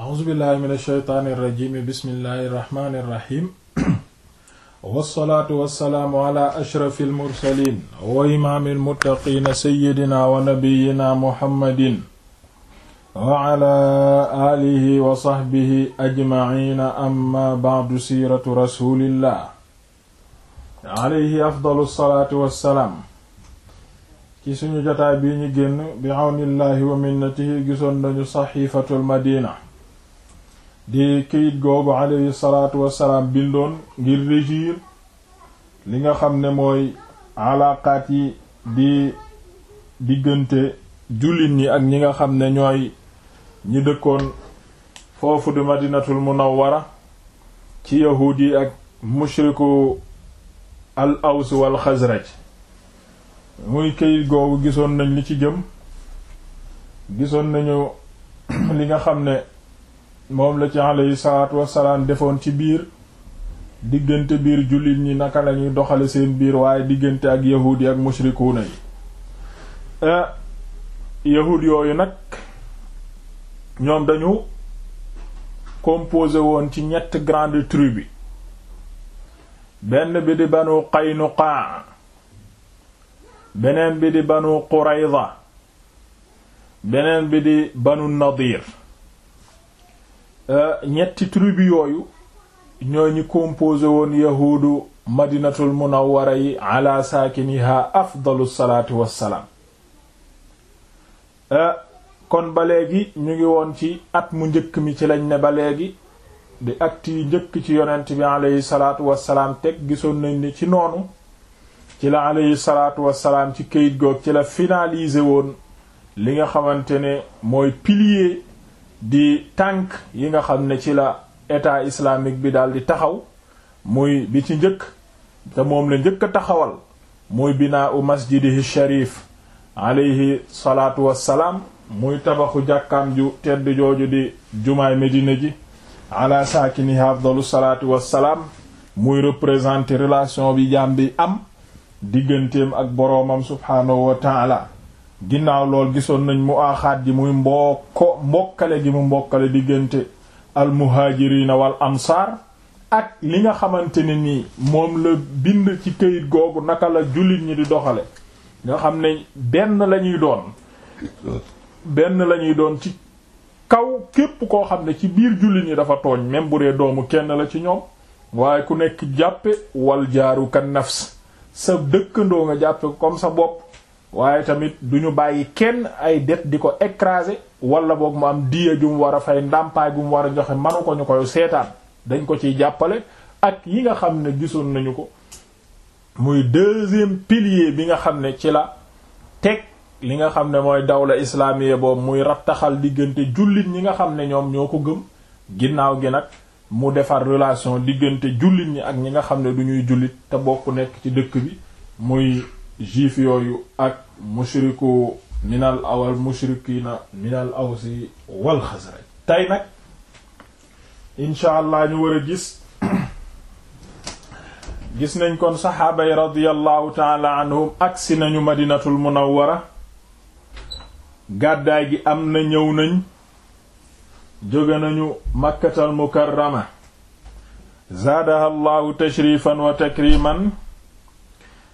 a'uuzu billahi min ashaytaani irrajimi bismillahi irrahmani irrahim wassalaatu wassalaamu ala ashrafi almursalin wa imaami almuttaqiina sayidina wa nabiyina muhammadin wa ala aalihi wa saxbihi ajmaciina amma bacdu siiratu rasulillah alayhi afdalu salaatu wassalaam ci suñu jotaay bii ñu génn bi awnillahi wa minnatihi gisoon nañu saxiifatul madina di këyit googu alayhi salaatu wassalaam bindoon ngir régir li nga xam ne mooy alaaqaat yi di diggante jullit ñi ak ñi nga xam ne ñooy ñi dëkkoon foofu di madinatul mu munawwara ci yahuud yi ak mushriku al aws wal xasraj muy këyit googu gisoon nañ li ci jëm gisoon nañu li nga xam ne moom la ci alayhi salaatu wassalaam defoon ci biir diggante biir jullit ñi naka lañuy doxale seen biir waaye diggante ak yahuud yi ak mushrikuuna yi euh, yahuud yooyu nag ñoom dañu composé woon ci ñett grande bi benn bi di banu Qaynuqaa beneen bi di banu Qurayza beneen bi di banu Nadiir Euh, ñetti tribu yooyu ñoo ñi composé woon yahuudu madinatul munawwara yi ala saakiniha afdalu salaatu wassalaam euh, kon ba léegi ñu ngi woon ci at mu njëkk mi ci lañ ne ba léegi di at yi njëkk ci yonent bi alayhi salaatu wassalaam teg gisoon nañ ni ci noonu ci la alayhi salaatu wassalaam ci kayit goog ci la finalisé woon li nga xamante ne mooy pilier di tànk yi nga xam ne ci la état islamique bi daal di taxaw muy bi ci njëkk te moom la njëkk a taxawal muy binaa u masjidihi sharif alayhi salaatu wassalaam muy tabaxu jàkkaam ju tedd jooju di jumaay médina ji ala saakinihi afdalu salaatu wassalaam muy représenter relation bi jaam bi am digganteem ak boroomam subhaanahu wa taala ginnaaw lool gisoon nañ mu aaxaat ji muy mbokko mbokkale gi mu mbokkale diggante almuhaajiriina wal ansaar ak li nga xamante ne ni moom la bind ci këyit googu naka la jullit ñi di doxale nga xam ne benn lañuy doon benn lañuy doon ci kaw képp koo xam ne ci biir jullit ñi dafa tooñ même bu dee doomu kenn la ci ñoom waaye ku nekk jàppe wal jaaru kan nafs sa dëkkandoo nga jàppe comme sa bopp waaye tamit duñu bàyyi kenn ay det di ko écraser wala boog mu am diya ju mu war a fay ndàmpaay bu mu war a joxe manu ko ñu koy seetaan dañ ko ci jàppale ak yi nga xam ne gisoon nañu ko muy deuxième pilier bi nga xam ne ci la teg li nga xam ne mooy dawla islaamiya boobu muy rattaxal diggante jullit ñi nga xam ne ñoom ñoo ko gëm ginnaaw gi nag mu defar relation diggante jullit ñi ak ñi nga xam ne duñuy ñuy jullit te bokk nekk ci dëkk bi muy juif yooyu ak mushriku minal awal mushrikina minal awsi wal xasraj tey nag incha allah ñu war gis gis nañ kon saxaaba yi radiyallahu taala anhum agsi nañu madinatul munawwara gàddaay gi am na ñëw nañ jóge nañu makkatal mukarrama zaadaha allahu tashrifan wa takriman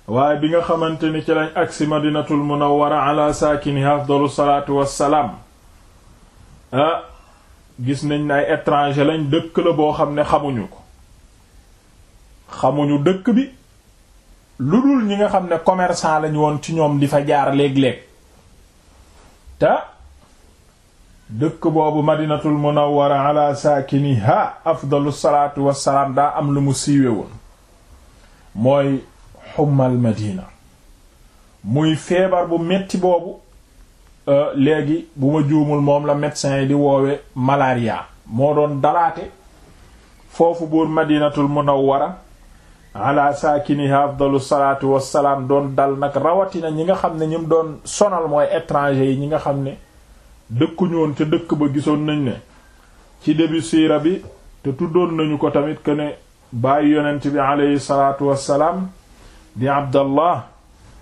waaye bi nga xamante ni ci lañ agsi madinatul munawwara ala saakini afdalu salaatu wassalaam ah gis nañ ne ay étranger lañ dëkk la boo xam ne xamuñu xamuñu dëkk bi lu dul ñi nga xam ne commerçant lañ woon ci ñoom di fa jaar léeg-léeg dëkk boobu madinatul munawwara ala saakiniha afdalu salaatu wassalaam daa am lu mu siiwe woon mooy xummal madina muy feebar bu metti boobu euh, léegi bu ma juumul moom la médecin yi di woowe malaria moo doon dalaate foofu buur madinatul munawwara ala saakiniha afdalu salaatu wassalaam doon dal nag rawatina ñi nga xam ne ñim doon sonal mooy étranger yi ñi nga xam ne dëkkuñoon ca dëkk ba gisoon nañ ne ci début siira bi te tuddoon nañu ko tamit que ne bàyyi yonent bi aleyhi salaatu wassalaam di abdallah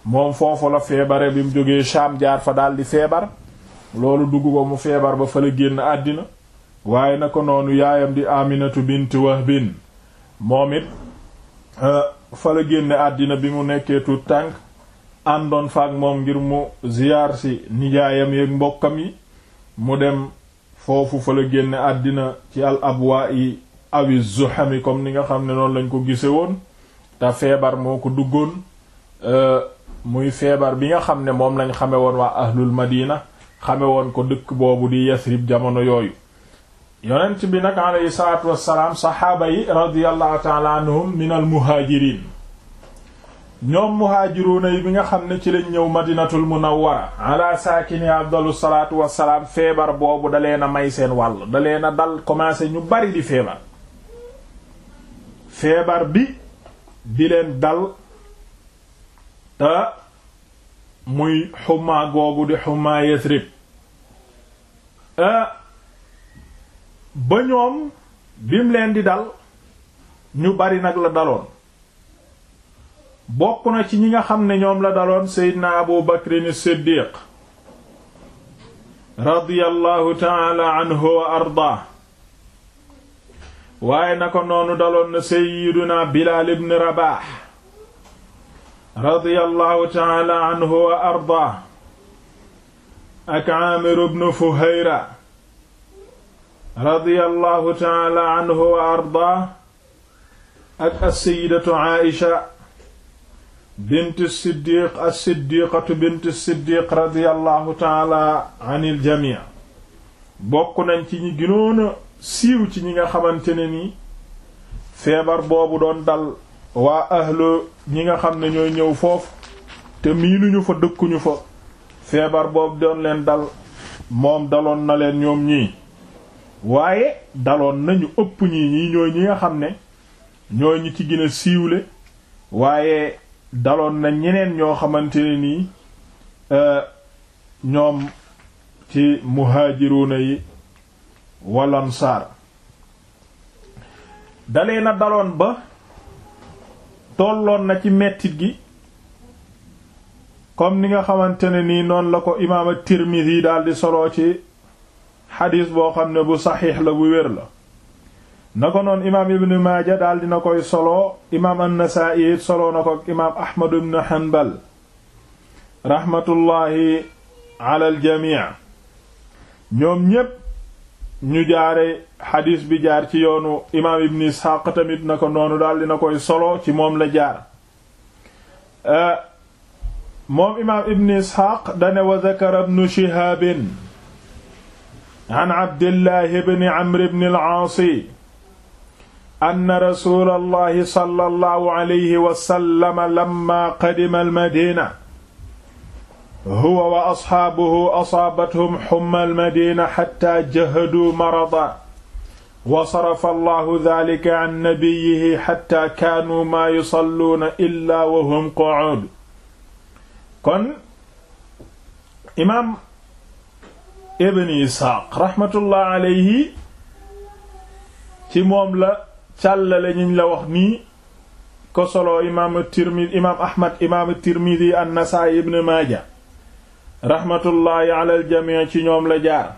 moom foofu la feebare bi mu jógee Sham jaar fa daal di feebar loolu dugg ko mu feebar ba fa la génn àddina waaye na ko noonu yaayam di Aminatu bint Wahbin moom it euh, fa la génn àddina bi mu nekkee tuut tànk àndoon faak moom ngir mu ziyaar si nijaayam yeeg mbokkam yi mu dem foofu fa la génn àddina ci al abwaa yi awi zuhami comme ni nga xam ne noonu lañ ko gise woon te feebar moo ko duggoon euh, muy feebar bi nga xam ne moom lañ xame woon waa ahlul madina xame woon ko dëkk boobu di yasrib jamono yooyu yonent bi nag aleyhi salaatu wassalaam saxaaba yi radiallahu taala anhum min al muhaajiriin ñoom muhaajiruuna yi bi nga xam ne ci lañ ñëw madinatul munawwara ala saakini afdalu salaatu wa salaam feebar boobu da leen a may seen wàll da leen a dal commencé ñu bari di feebar feebar bi di leen dal te muy xuma googu di xuma Yasrib ba ñoom bim leen di dal ñu bari nag la daloon bokk na ci ñi nga xam ne ñoom la daloon Seydina Abu Bakrin Siddiq radiyallahu ta'ala anhu wa ardaa waaye na ko noonu daloon na sayyiduna Bilaal ibn Rabaah radiyallahu ta'ala anhu wa ardaa ak Aamir ibn Fuhayra radiyallahu ta'ala anhu wa ardaa ak as-sayyidatu Aisha bint as-Siddiq as-Siddiqatu bint as-Siddiq radiyallahu ta'ala anil jamii' bokk nañ ci ñi gënoon siiw ci ñi nga xamante ne ni feebar boobu doon dal waa ahlu ñi nga xam ne ñooy ñëw foofu te miinuñu fa dëkkuñu fa feebar boobu doon leen dal moom daloon na leen ñoom ñii waaye daloon nañu ëpp ñi ñii ñooy ñi nga xam ne ñooy ñi ci gën a siiwle waaye daloon na ñeneen ñoo xamante ne nii euh, ñoom ci muhaajiruuna yi wal ansaar dalee na daloon ba tolloon na ci mettit gi comme ni nga xamante ne nii noon la ko imaam at-Tirmidhi daal di soloo ci xadiis boo xam ne bu saxiix la bu wér la na ko noon imaam ibn Maaja daal dina koy soloo imaam an-Nasaa'i soloo na ko imaam Ahmad ibn Hanbal raxmatullaahi ala al ñoom ñépp ñu jaare xadiis bi jaar ci yoonu imaam ibn isxaaq tamit na ko noonu daal dina koy solo ci moom la jaar euh, moom imaam ibn isxaaq dane wa zakara ibnu shihaabin an abdillahi bni amri bni al-aasi anna rasuulallahi sallallahu alayhi wa sallam lamma al-madiina huwa wa asxaabuhu asaabathum xumma almadina xatta jahaduu marada wa sarafa allahu dalika an nabiyihi xatta kaanuu maa yusalluuna illa wa hum qu'uud kon imaam ibn isxaaq raxmatullah aleyhi ci moom la càllale ñiñ la wax nii ko solo imaam tirmidi imaam ahmad imaam tirmidi an nasaa'i ibn maaja raxmatullaahi alal jamii ci ñoom la jaar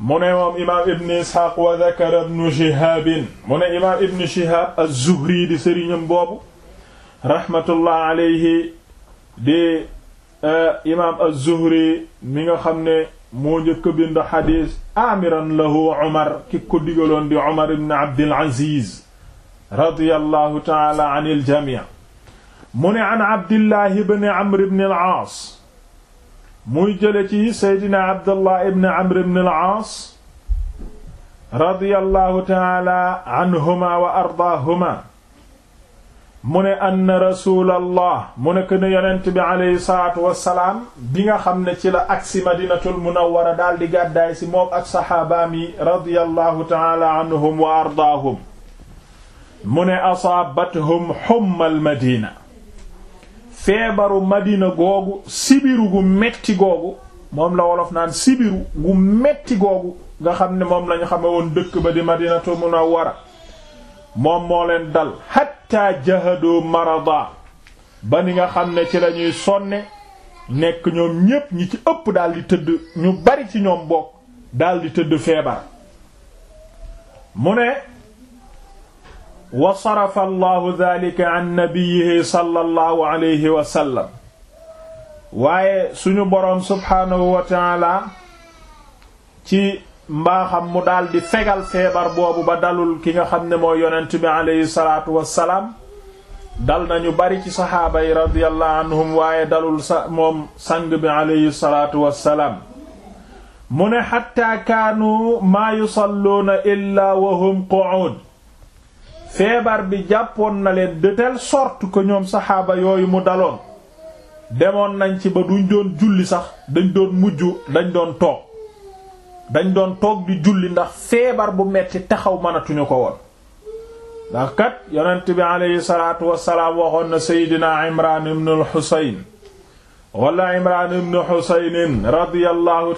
mu ne moom imaam ibn isxaaq wa dakara ibnu shihaabin mu ne imaam ibn shihaab az-zuhri di sëriñam boobu raxmatullaahi alayhi di e, imaam az-zuhri mi nga xam ne moo njëkk a xadiis aamiran lahu omar ki ko digaloon di omar ibn abdillahi ibn amr ibn al aas muy jële ci seydina abdullah ibn amr ibn al-aas radiyallahu taala anhuma wa ardaahuma mu ne anna rasuulallah mu ne ko ne yonent bi aleyhi salaatu bi nga xam ne ci la agsi madinatul munawwara daal di gàddaay si moom ak saxaabaam yi radiyallahu taala anhum wa ardaahum mu ne asaabathum xummal madina feebaru madina googu sibiru gu metti googu moom la wolof naan sibiru gu metti googu nga xam ne moom lañu xame woon dëkk ba di madinatu munawwara moom moo leen dal hatta jahadu marada ba ni nga xam ne ci lañuy sonne nekk ñoom ñépp ñi ci ëpp daldi tëdd ñu bari ci ñoom bokk daldi tëdd feebar mu ne wa sarafa allahu dhalika waaye suñu boroom subhaanahu wa taala ci mbaaxam mu daldi fegal feebar boobu ba dalul ki nga xam ne mooy yonent bi alayhi salaatu wassalaam dal nañu bari ci saxaaba yi radiyallahu anhum waaye dalul sa moom sang mu ne xatta kaanu maa yusalluuna illaa wa hum qu'uud feebar bi jàppoon na leen de sort sorte ñoom saxaaba yooyu mu daloon demoon nañ ci ba duñ doon julli sax dañ doon mujj dañ doon toog dañ doon toog di julli ndax feebar bu metti taxaw manatuñu ko woon ndax kat yonent bi aleyhi salaatu wassalaam waxoon na seydina imran ibn al-husayn wala imran ibn husaynin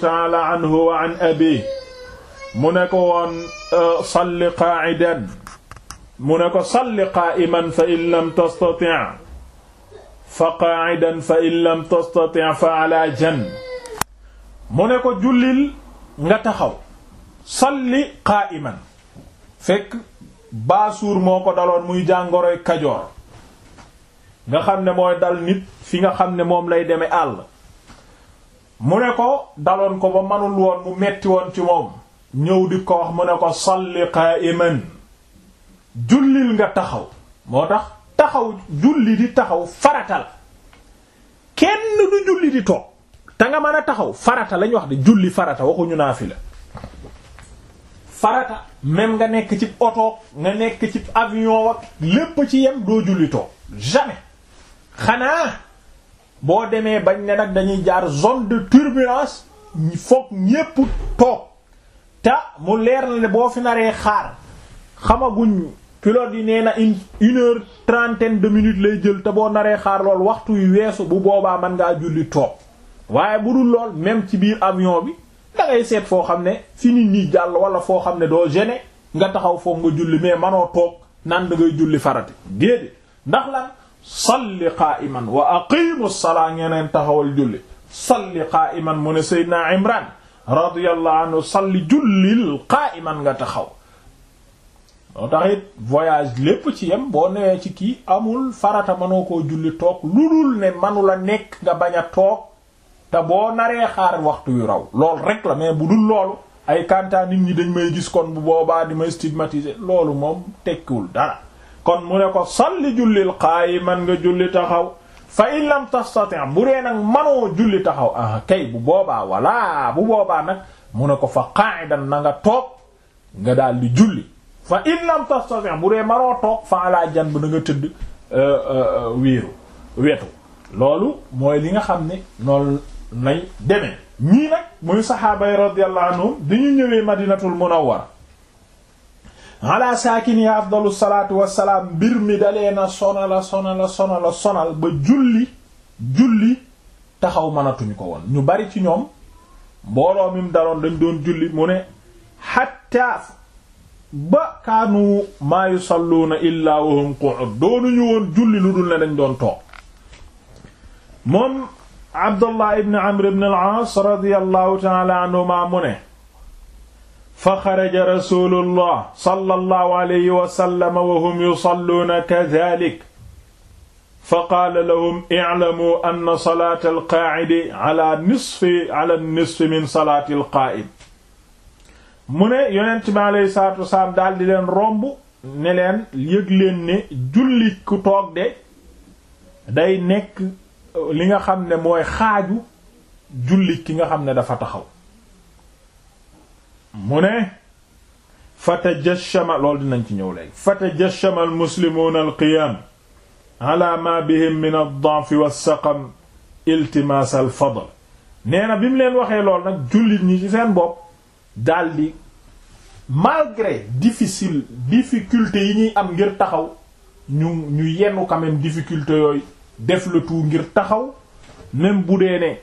taala anhu wa an abi mu ne ko woon salli qaa'idan mu ne ko salli qaa'iman fa in lam tastati' fa qaa'idan fa in lam tastati' fa ala janb mu ne ko jullil nga taxaw salli qaa'iman fekk baasuur moo ko daloon muy jàngoroy kajoor nga xam ne mooy dal nit fi nga xam ne moom lay deme àll mu ne ko daloon ko ba manul woon mu metti woon ci moom ñëw di ko wax mu ne ko salli qaa'iman jullil nga taxaw moo tax taxaw julli di taxaw farata la kenn du julli di toog te nga mën a taxaw farata lañ wax de julli farata waxuñu naafila farata même nga nekk ci oto nga nekk ci avion wak lépp ci yem doo julli toog jamais xanaa boo demee bañ ne nag dañuy jaar zone de turbulence foog ñépp toog te mu leer na ne boo fi naree xaar xamaguñ pilote yi nee na une une trentaine de minutes lay jël te boo naree xaar lool waxtu yu weesu bu boobaa man ngaa julli toog waaye bu dul lool même ci biir avion bi da ngay seet foo xam ne fi nit ñi jàll wala foo xam ne doo gêné nga taxaw foog nga julli mais manoo toog naan da ngay julli farate déedéet ndax lan salli qa'iman wa aqimu salaa ngeeneen taxawal julli salli qa'iman mu ne Seydina Imran radiyallahu anhu salli jullil qa'iman nga taxaw moo tax it voyage lépp ci yem boo newee ci kii amul farata mënoo koo julli toog lu dul ne mënula nekk nga bañ a toog te boo naree xaar waxtu yu raw loolu rek la mais bu dul loolu ay kantaa nit ñi dañ may gis kon bu boobaa di may stigmatiser loolu moom tekkiwul dara kon mu ne ko salli jullil man nga julli taxaw fa in lam tastati' bu dee nag manoo julli taxaw ah kay bu boobaa walla bu boobaa nag mu ne ko fa qaa'idan na nga toog nga daal di julli fa in lam tastati bu dee maroo toog fa ala janb na tëdd euh, euh, wéeru wetu loolu mooy li nga xam ni noonu lay demee ñii nag muy saxaaba yi radiyallahu di ñu ñëwee madinatul munawwara ala saakini ya afdalu salaatu wassalaam mbir mi dalee na sonala sonala sonala sonal ba julli julli taxaw manatuñu ko woon ñu bari ci ñoom mbooloo mi mu daloon dañ doon julli mu ne hatta ba kaanu maa yusalluuna illaa wa hum qu'ud doonuñu woon julli lu dul ne dañ doon toog moom Abdullah ibn Amr ibn al-Aas radiyallahu ta'ala anhuma mu ne fa xaraja rasulullah sallallahu alayhi wa sallam wa hum yusalluuna kadhalik fa qaala lahum i'lamu anna salaata al-qaa'idi ala nisfi ala nisfi min salaati al-qaa'id mu ne yonent bi alayhi salaatu wasalaam daal di leen romb ne leen yëg leen ne jullit ku toog de day nekk euh, li nga xam ne mooy xaaju julli ki nga xam ne dafa taxaw mu ne fatajashama loolu dinañ ci ñëw léegi fatajashama al muslimuuna al qiyaam ala ma bihim min ad-da'f wa as-saqam iltimas al nee na bi mu leen waxee lool nag jullit ñi ci seen bopp daldi malgré difficile difficulté yi ñuy am ngir taxaw ñu ñu yennu quand même difficulté yooyu def le tout ngir taxaw même bu dee ne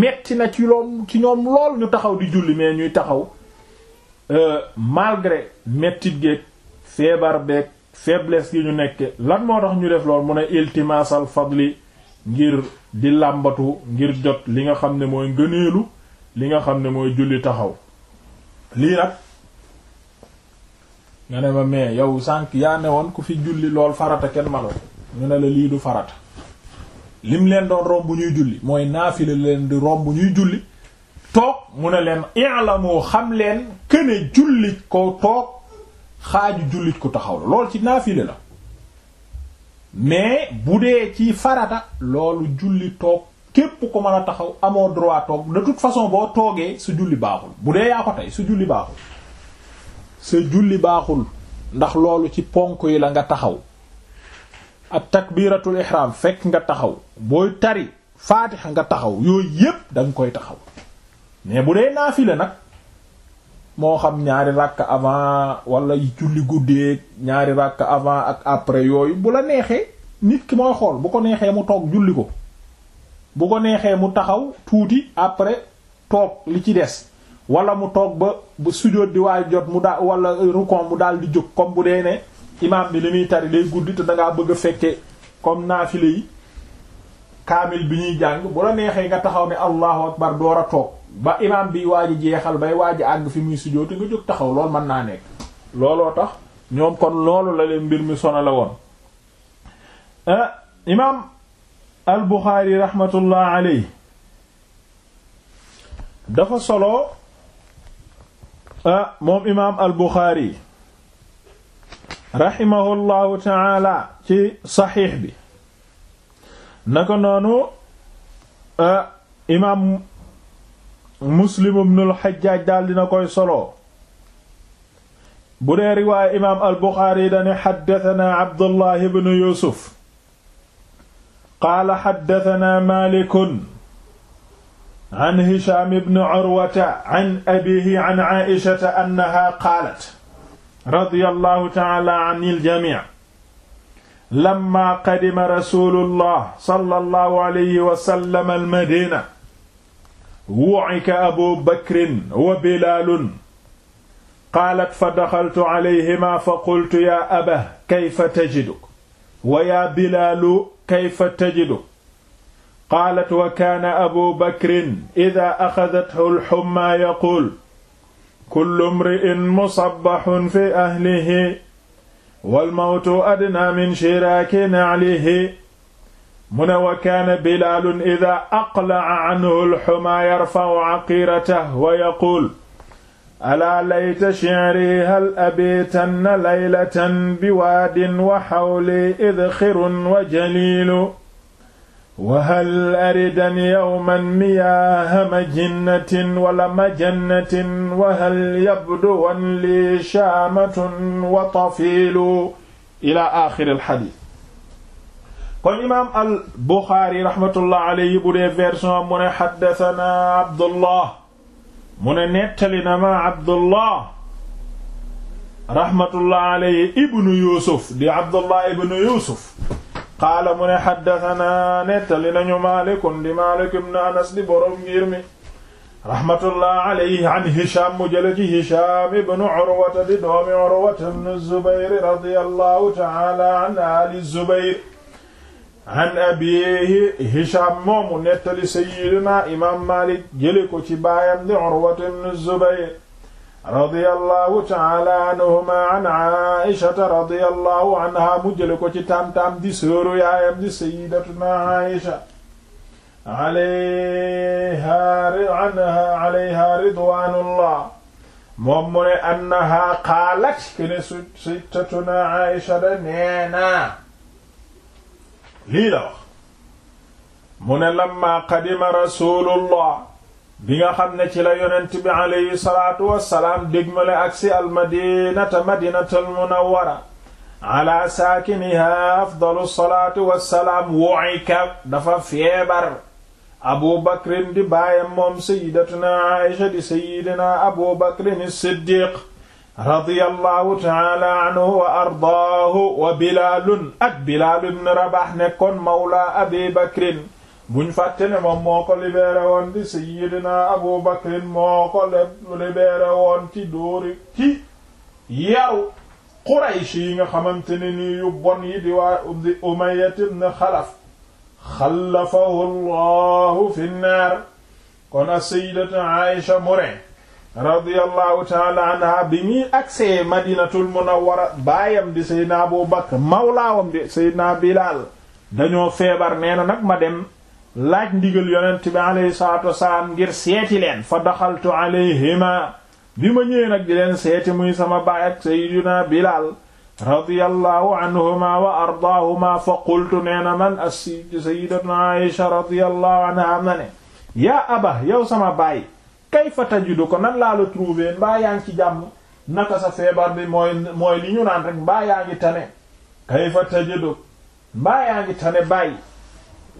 metti na ci loom ci ñoom lool ñu taxaw di julli mais ñuy taxaw euh, malgré mettit geeg feebar beeg faiblesse gi ñu nekk lan moo tax ñu def lool mu ne iltimasal fadli ngir di làmbatu ngir jot li nga xam ne mooy ngëneelu li nga xam ne mooy julli taxaw lii nag nga ne ma mais yow sànq yaa ne woon ku fi julli lool farata kenn manoo ñu ne la lii du farata lim leen doon romb ñuy julli mooy naafila leen di romb ñuy julli toog mu ne leen moo xam leen këne jullit ko toog xaaju jullit ku taxaw la lool ci naafila la mais bu dee ci farata loolu julli toog képp ko mën a taxaw amoo droit toog de toute façon boo toogee su julli baaxul bu dee yaa ko tey su julli baaxul sa julli baaxul ndax loolu ci ponk yi la nga taxaw ak takbiratul ihram fekk nga taxaw booy tari faatixa nga taxaw yooyu yépp da koy taxaw mais bu dee naafile nag moo xam ñaari ràkk avant wala julli guddeeg ñaari ràkk avant ak après yooyu bu la neexee nit ki mooy xool bu ko neexee mu toog julli ko bu ko neexee mu taxaw tuuti après toog li ci des wala mu toog ba bu sujjóot di waay jot mu daal wala rukon mu daal di jóg comme bu dee ne imaam bi li muy tari day guddi te dangaa bëgg a fekke comme naafile yi kaamil bi ñuy jàng bu la neexee nga taxaw ne allahu akbar door a toog ba imaam bi waaj jeexal bay waaj àgg fi muy sujjóot nga jóg taxaw loolu mën naa nekk looloo tax ñoom kon loolu la leen mbir mi sona la woon eh, imaam al Buxaari raxmatullah alayhi dafa solo ah moom imaam al buxaari raximahullahu taala ci saxiix bi naka noonu ah imaam muslim ibnul xajjaaj daal dina koy solo bu dee riwaaya imaam al buxaari dane xaddatanaa bnu yuusuf qaala xaddatanaa maalikun an Hisham ibn Urwata an abihi an Aishata annaha qaalat radiyallahu ta'ala anil jamii lamma qadima rasulullah sallallahu alayhi wa sallam al-madina wu'ika Abu Bakrin wa Bilaalun qaalat fa daxaltu alayhima fa qultu yaa aba kayfa tajiduk wa yaa bilaalu kayfa tajiduk qaalat wa kaana abu bakrin ida axadathu alxumma yaquul kullu mri'in musabaxun fi ahlihi walmawtu adna min shiraaki naclihi mu ne wa kaana bilaalun ida aqlaca canhu alxumaa yarfacu caqiiratah wa yaquul alaa layta shicrii hal abiitanna laylatan biwaadin wa xawli idxirun wa jaliilu wahal aridan yawman miyaaha majinnatin wala majannatin wahal yabduwan li shaamatun wa tafilu ila axiril xadiis kon imaam al Buxaari rahmatullah alayhi bu dee version mu ne xaddasanaa Abdullah mu ne nettali na ma Abdullah rahmatullah alayhi ibnu Yuusuf di Abdullah ibnu Yuusuf qaala mu ne xaddatanaa nettali nañu maalikun di maalik ibn anas di boroom ngir mi rahmatullah alayhi an hisham mu jële ci hisham ibnu urwata di doomi urwata ibnu zubayr radiyallahu ta'ala an ali zubayr an abiihi hisham moomu nettali sayyidina imam maalik jële ko ci baayam di urwata ibnu zubayr radiyallahu taala anhuma an aishata radiyallahu anha mu jële ko ci taam-taam di sóoru yaayam di sayidatuna aisha alayha anha alayha ridwanullah moom mu ne annaha qaalat kene sayyidatuna aisha da neena lii la wax mu ne lamma qadima rasulullah bi nga xam ne ci la yonent bi aleyhi salaatu wassalaam dégmale agsi almadinata madinatal munawwara ala saakiniha afdalu salaatu wassalaam woykab dafa feebar abu bakrin di baayam moom sayidatuna aisha di sayidina abu bakrin siddiq radiyallahu taala anhu wa ardaahu wa bilaalun ak bilaal ibn rabax nekkoon mawla abi bakrin buñ fàtte ne moo ko libéré woon di Abu Bakr moo ko libéré woon ci dóori ci yaru yi nga xamante ne nii yu bon yi di waa di Umayya Xalaf xalafahu Allahu fi naar kon a sayyidatu Aïsha mure radiyallahu taala anha bi ñuy agsee Madinatul Munawwara baayam di sayyidina Abu Bakr mawlaawam di sayyidina Bilaal dañoo feebar nee nag ma dem laaj ndigal yonent bi alayhi salaatu wasalaam ngir seeti leen fa daxaltu alayhima bi ma ñëwee nag di leen seeti muy sama baay ak sayyiduna Bilaal radiyallahu anhuma wa ardaahuma fa qultu nee man as sayyidatuna Aisha radiyallahu anha na ne yaa aba yow sama baay kayfa tajidu ko nan laa la trouver ci jàmm naka sa feebar bi mooy mooy li rek mbaa yaa tane kayfa tajidu mbaa yaa tane baay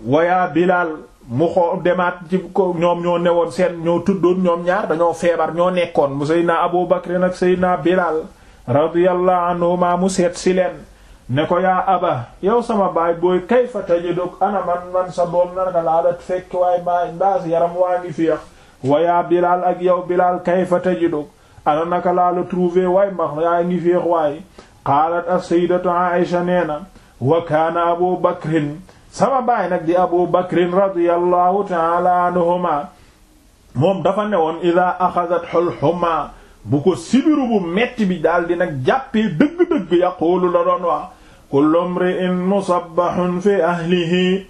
wayaa Bilaal mu xoo demaat ci ko ñoom ñoo newoon seen ñoo tuddoon ñoom ñaar dañoo feebar ñoo nekkoon mu seydna Abu Bakr nag seydna Bilaal radiyallahu anhuma mu seet si leen ne ko yaa aba yow sama baay booy kayfa tajiduk ana man man sa doom nara laalat fekk waay maa ndaas yaram waa ngi fiyax wayaa Bilaal ak yow Bilaal kayfa tajiduk ana naka laala trouver waay max yaa ngi fiyax waay qaalat as-sayyidatu Aisha nee na wa Abu Bakrin sama baay nag di abu bakrin radiyallahu taala anhuma moom dafa ne woon ida axadat xol xuma bu ko sibiru bu metti bi daal di nag jàppee dëgg-dëgg yaquulu la doon wax kullu mri'in musabbahun fi ahlihi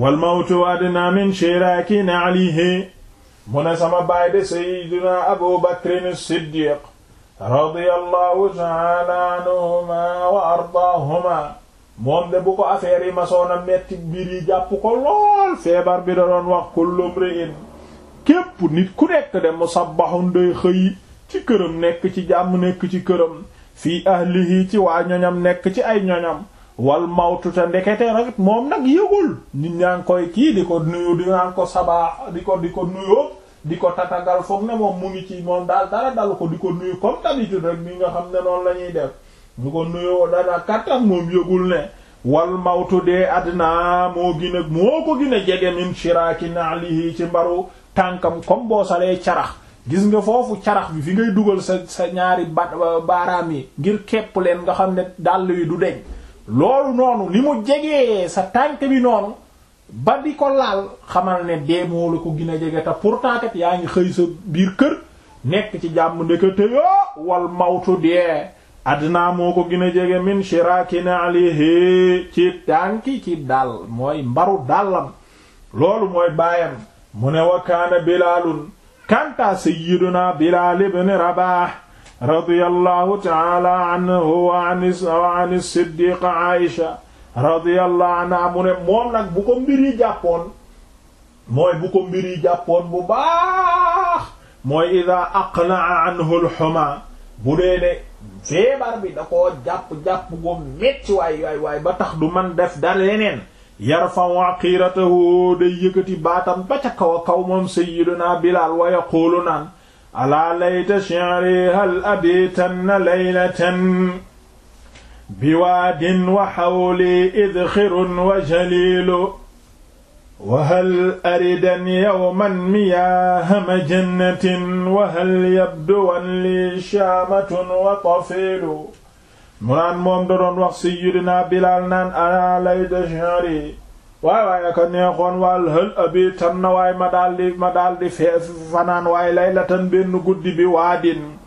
wal mawtu adna min shiraki na'lihi mu ne sama baay de sayyidina abu bakrin siddiq radiyallahu taala anhuma wa ardaahuma moom de bu ko affaire yi masoon a metti mbir yi jàpp ko lool feebar bi da doon wax kullu mri'in képp nit ku nekk de musabbahun day xëy ci këram nekk ci jàmm nekk ci këram fii ahlihi ci waa ñoñam nekk ci ay ñoñam wal mawtu te ndekete rek moom nag yëgul nit ñaa ngi koy kii di ko nuyu di naan ko sabaa di ko di ko nuyoo di ko tatagal foog ne moom mu ngi ci moom daal dara dal ko di ko nuyu comme d'habitude rek mi nga xam ne noonu la ñuy def ñu ko nuyoo dana kattan moom yëgul ne wal mawtu dee adna moo gën moo ko gën a jege min shiraki naalihi ci mbaru tànkam kom boo salee carax gis nga foofu carax bi fi ngay dugal sa sa ñaari ba baaraam yi ngir kepp leen nga xam ne dàll yi du deñ loolu noonu li mu jegee sa tànk bi noonu ba di ko laal xamal ne dee moo la ko gën a jege te pourtant kat yaa ngi xëy sa biir kër nekk ci jàmm ndekete yoo wal mawtu dee adnaa moo ko gën a jege min ci tànki ci dal mooy mbaru dàllam loolu mooy baayam mu wa kaana bilaalun kanta sayyiduna bilaal ibn rabaah radiyallahu ta'ala anhu wa moom nag bu ko mbir yi jàppoon mooy bu aqlaa anhu al-huma bu feebar bi da koo jàpp-jàpp ko metti waay waay waay ba tax du man def dara leneen yarfa'u aqiratahu day yëkkati baatam ba ca kaw a kaw moom sayyiduna Bilaal wa yaqulu naan alaa layta shi'ri hal abitanna laylatan biwaadin wa hawli idxirun wa jalilu wahal aridan yawman miyaahama jannatin wahal yabduwan li shaamatun wa tafilu mu naan moom da doon wax sayyidina Bilaal naan ana lay de genri waay waay aka neexoon wal hal abi tam na waay ma daldi ma daldi fee fanaan waay laylatan benn guddi bi waadin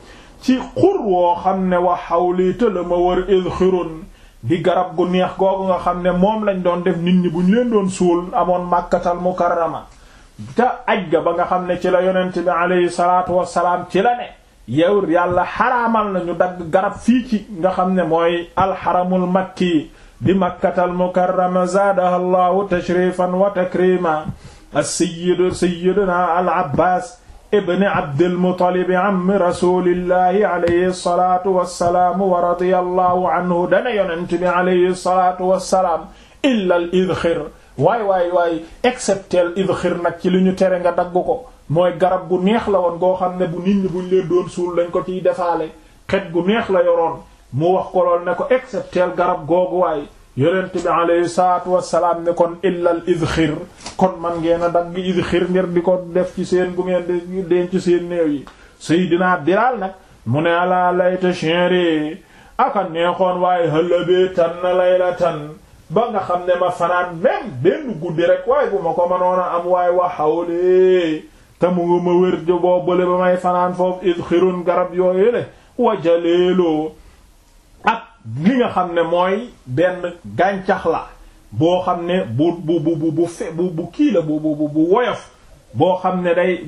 ci xur woo xam ne wa xawli tëla ma wër idxirun di garab gu neex googu nga xam ne moom lañ doon def nit ñi bu ñu leen doon suul amoon màkkatal mukarrama te aj ga ba nga xam ne ci la yonent bi aleyhi salaatu wassalaam ci la ne yow yàlla xaraamal na ñu dagg garab fii ci nga xam ne mooy alxaramul makki di màkkatal mukarrama zaadaha allahu tashrifan wa takrima as-sayyid sayyiduna al abbas ibni abdilmutalibi am rasulillahi alayhi salatu wasalaamu wa radiyallahu anhu dana yonent bi alayhi salatu wasalaam illa al idxir waay waay waay excepté al idxir nag ci li ñu tere nga dagg ko mooy garab gu neex la woon goo xam ne bu nit ñi buñ leen doon suul lañ ko ciy defaale xet gu neex la yoroon mu wax ko lool ne ko excepté garab googu waay yonent bi alayhi salaatu wassalaam ne kon illal idxir kon man ngeen a dagg idxir ngir di ko def ci seen bu ngeen di denc seen néew yi Seydina Bilaal nag mu ne alaa layta chenri aka neexoon waaye hëllabee tan na laylatan ba nga xam ne ma fanaan même benn guddi rek waaye bu ma ko mënoon am waaye wa hawlee mu nga ma wér jo boo ba may fanaan foofu idxirun garab yooyu le wa ak li nga xam ne mooy benn gàncax la boo xam ne bu bu bu bu fe bu bu kii la bu bu bu woyof boo xam ne day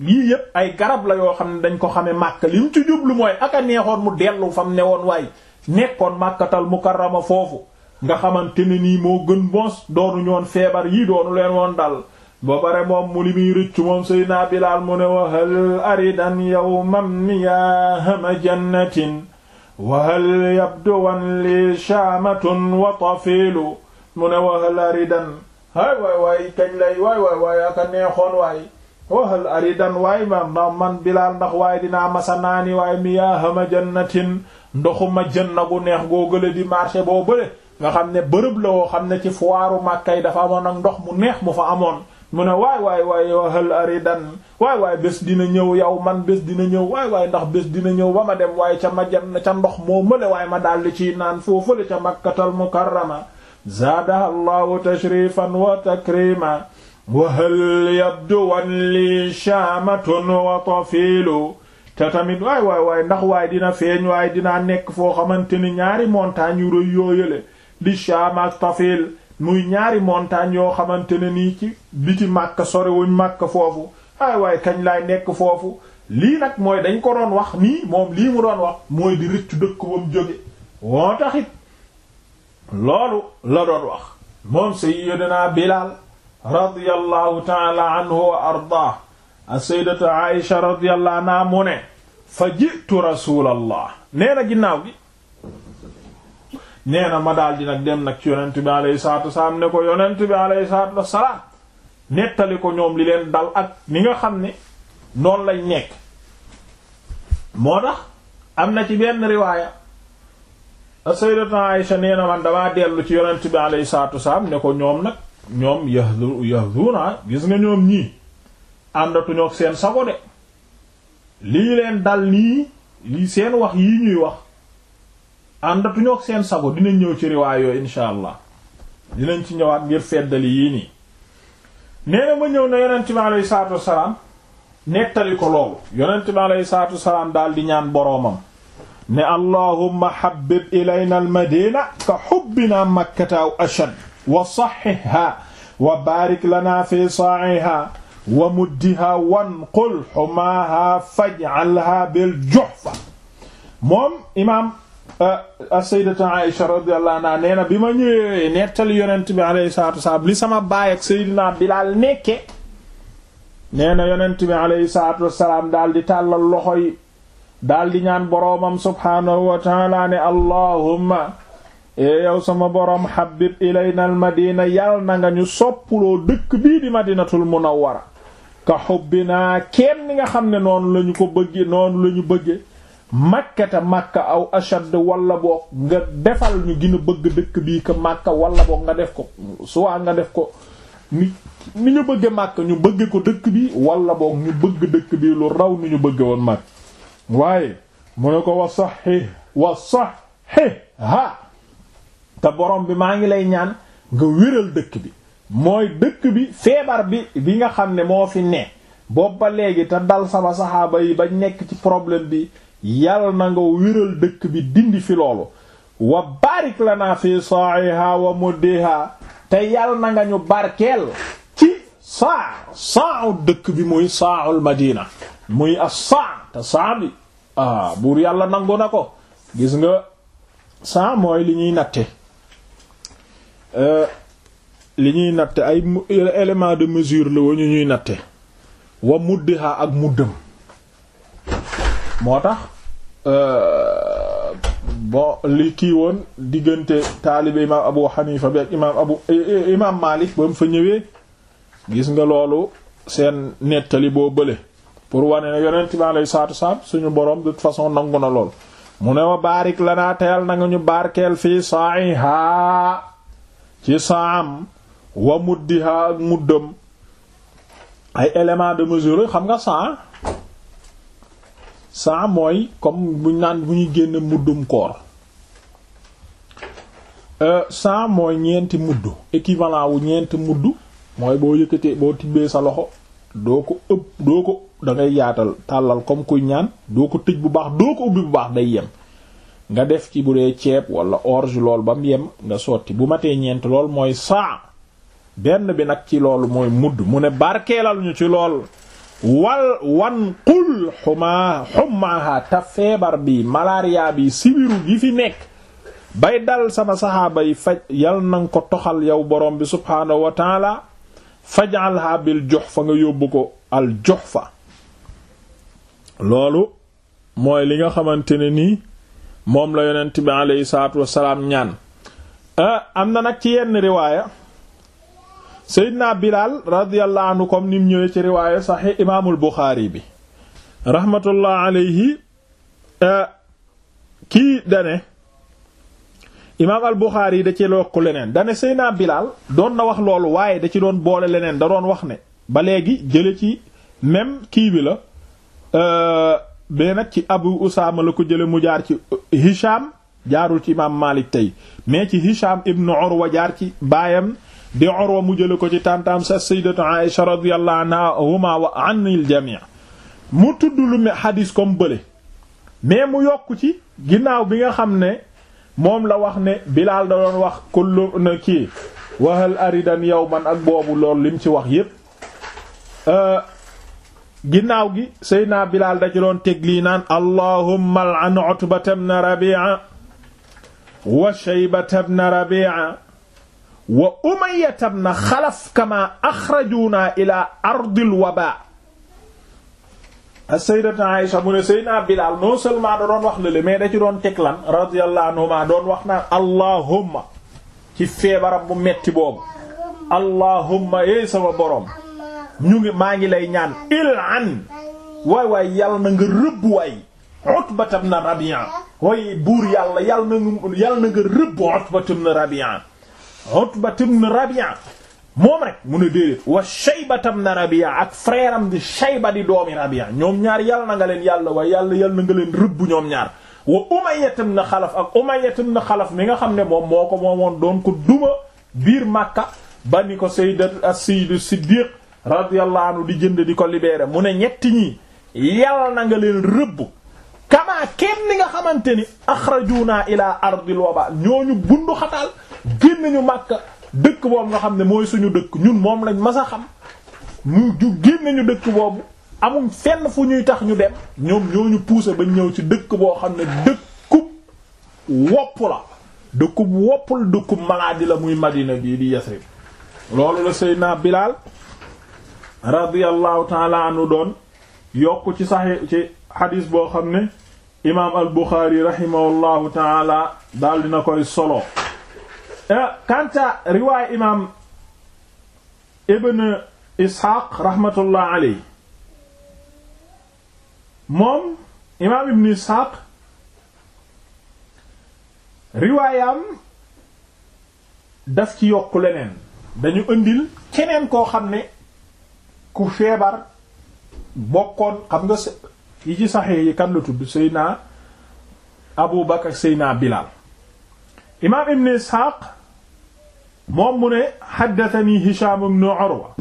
lii yépp ay garab la yoo xam ne dañ ko xamee màkk li mu ci jublu mooy ak a neexoon mu dellu fam ne woon waaye nekkoon màkkatal mukarrama foofu nga xamante ne nii moo gën mos doonu ñoon feebar yii doonu leen woon dal ba bare moom mu li muy rëccu moom Seydina Bilaal mu ne wa hal aridan yawman miyaahama jannatin wahal yabduwan lii shaamatun wa tafilu mu ne wahal aridan hay waay waay kañ lay waay waay waay aka neexoon waay wahal aridan waay ma ndax man bilaal ndax waaye dinaa masa naani waay miyaahama jannatin ndoxuma jën na gu neex goo gële di marché boo bële nga xam ne bërëb la woo xam ne ci foiru màkkay dafa amoon ak ndox mu neex mu fa amoon mu ne waay waay waay aridan waay waay bés dina ñëw yow man bés dina ñëw waay waay ndax bés dina ñëw ba ma dem waaye ca ma jann ca ndox moo mële waay ma daldi ciy naan foofale ca makkatal mukarrama zaadaha allahu tashrifan wa takrima wa yabdu wan li shaamatun wa tafilu te tamit waay waay waay ndax waay dina feeñ waay dinaa nekk foo xamante ni ñaari montagne yu rëy yooyale di shaam ak muy ñaari montagne yoo xamante ne nii ci biti Makka sore wuñ Makka foofu ay kañ laay nekk foofu lii nag mooy dañ ko doon wax nii moom lii mu doon wax mooy di rëccu dëkk ba mu jóge woo taxit loolu la doon wax moom sayyidina Bilaal radiyallahu taala anhu wa ardaah as-sayyidatu Aisha radiyallahu anha mu ne fa ji'tu rasulallah nee na ginnaaw gi nee na ma daal di nag dem nag ci yonent bi alayhi salaatu ne ko yonent bi alayhi salaatu wasalaam nettali ko ñoom li leen dal ak ni nga xam ne noonu lañ nekk moo tax am na ci benn riwaaya sayyidatuna Aisha nee na man damaa dellu ci yonent bi alayhi salaatu ne ko ñoom nag ñoom yahdu yahduna gis nga ñoom ñii àndatuñu ak seen sago de lii leen dal nii lii seen wax yii ñuy wax àndatuñu ak seen sago dinañ ñëw ci riwaay yooyu insha allah dinañ ci ñëwaat ngir feddali yii nii nee na ma ñëw na yonent bi nettali ko loolu yonent bi aleyhi salaatu wasalaam daal di ñaan boroomam ne allahumma habbib ilayna almadina ka hubbina makkata ashad wa sahihha wa barik lana fi sa'iha wa muddiha wanqul humaaha faj'alha bil juhfa moom imaam as-sayyidatu ah, ah, Aisha radiyallahu anha nee na bi ma ñëwee nettali yonent bi alayhi salaatu wasalaam li sama baay ak Seydina Bilaal nekke nee na yonent bi alayhi salaatu wasalaam daal di tàllal loxo yi daldi di ñaan boroomam subhaanahu wa taala ne allahumma e yow sama boroom habib ilayna al madina yal na nga ñu soppuloo dëkk bii di madinatul munawwara ka xubbinaa kenn nga xam ne noonu lañu ko bëgge noonu lañu bëgge makkata makka aw ashad wala boog nga defal ñu gën a bëgg dëkk bii que makka wala nga def ko soit nga def ko ni ni ñu bëgg makka ñu bëgg ko dëkk bi wala boog ñu bëgg dëkk bi lu raw ni ñu bëgg woon makka waaye mu ne ko wa sahih wa sahih te borom bi maa ngi lay ñaan nga wéral dëkk bi mooy dëkk bi feebar bi bi nga xam ne moo fi ne boobu léegi te dal sama saxaaba yi ba nekk ci problème bi yal na nga wéral dëkk bi dindi fi loolu wa barik lana fi sa'iha wa muddiha te yal na nga ñu barkeel ci saa sa'u dëkk bi muy sa'ul madina muy as-sa' te saa bi ah buur yàlla nangu na ko gis nga saa mooy li ñuy natte euh, li ñuy natte ay élément de mesure la wa ñu ñuy natte wa muddiha ak muddam moo tax euh, bon li kii woon diggante taalibe imaam Abu Hanifa bi ak imaam Abu eh, imaam Malik ba mu fa ñëwee gis nga loolu seen nettali boo bële pour wane ne yonent bi alayhi salaatu suñu borom de toute façon nangu na lool mu ne wa baarik lanaa teyal nanga ñu baarkeel fii sa'iha ci saam wa muddiha ak muddam ay éléments de mesure xam nga sa saa mooy comme buñ naan bu ñuy génn muddum koor euh, saa mooy ñeenti mudd équivalent wu ñeenti mudd mooy boo yëkkatee boo tibbee sa loxo doo ko ëpp doo ko dangay yaatal tàllal comme kuy ñaan doo ko tëj bu baax doo ko ubbi bu baax day yem nga def ci bu dee ceeb wala orge lool ba yem nga sotti bu matee ñeent lool mooy saa benn bi nag ci loolu mooy mudd mu ne barkeelal ñu ci lool wal wan qul xumaaha te feebar bi malaria bi sibiru gi fi nekk bay dal sama saxaaba yi faj yal nanga ko toxal yow borom bi subhaanahu wa taala fajalha bil fa nga yóbbu ko al fa loolu mooy li nga xamante ne nii moom la yonent bi aleyhi salaatu wasalaam ñaan ah, am na nag ci yenn riwaaya Seydina Bilal radiyallahu anhu comme ni mu ñëwee ci riwaaye saxi imaamul Buxaari bi rahmatullah alayhi euh, kii dane imaam al da ci lokk leneen dane Seydina Bilal doon na wax loolu waaye da ci doon boole leneen da doon wax ne ba léegi jële ci même kii bi la bee euh, nag ci Abu Usaama la ko jële mu jaar ci euh, Hisham jaarul ci imaam Maalik tey mais ci Hisham ibnu Urwa jaar ci baayam di Urwa mu jële ko ci tàntaam sa sayyidatu Aïsha radiyallahu anhuma wa anil jami' mu tudd lu me xadis comme bële mais mu yokk ci ginnaaw bi nga xam ne moom la wax ne Bilaal da doon wax kullu na kii wahal aridan yawman ak boobu loolu lim ci wax yépp euh, ginnaaw gi Seydina Bilaal da ci doon teg lii naan allahumma al'an Utbata ibn Rabi'a wa Shaybata ibn Rabi'a wa umayyata ibn xalaf kama axrajuna ila ardil waba as-sayyidatu Aïsha mu ne Seydina Bilaal non seulement da doon wax lële mais da ci doon teg lan radiyallahu anhuma doon wax naan allahumma ci feebaram bu metti boobu allahumma éy sama borom ñu maa ngi lay ñaan ilan waay waay yàlla na nga rëbb waay Utbata ibn Rabi'a waay buur yàlla yàlla na yàlla na nga rëbb Utbata ibn Rabi'a Utba ibn Rabi'a moom rek mu ne déedéet wa Shayba ibn Rabi'a ak frère am di Shayba di doomi Rabi'a ñoom ñaar yàlla na nga leen yàlla wa yàlla yàlla na nga leen rëbb ñoom ñaar wa Umayya ibn Xalaf ak Umayya ibn Xalaf mi nga xam ne moom moo ko moomoon doon ko duma biir Makka ba ko sayyidat Siddiq radiyallahu anhu di jënd di ko libéré mu ne ñetti ñii yàlla nga leen rëbb kamaa kenn ni nga xamante ni ila ardil waba ñooñu bundu génn ñu Makka dëkk boobu nga xam ne mooy suñu dëkk ñun moom lañ mas a xam mu ju génn ñu dëkk boobu amum fenn fu ñuy tax ñu dem ñoom ñoo ñu poussé ba ñëw ci dëkk boo xam ne dëkkub wopp la dëkkub woppul dëkkub maladie la muy Madina bii di Yasrib loolu la Seydina Bilal radiyallahu taala anu doon yokk ci sax ci xadis boo xam ne imaam al Buxaari rahimahullahu taala daal dina koy solo kanta euh, riwaay imaam ibn isxaaq moom imaam ibn isxaaq riwaayam daf ci yokk leneen dañu indil keneen koo xam ne ku feebar bokkoon xam nga yi ci saxee yi kan la tudd Seyna Abu Bakar Seyna Bilal moom mu ne xaddatani Hisham ibn Urwa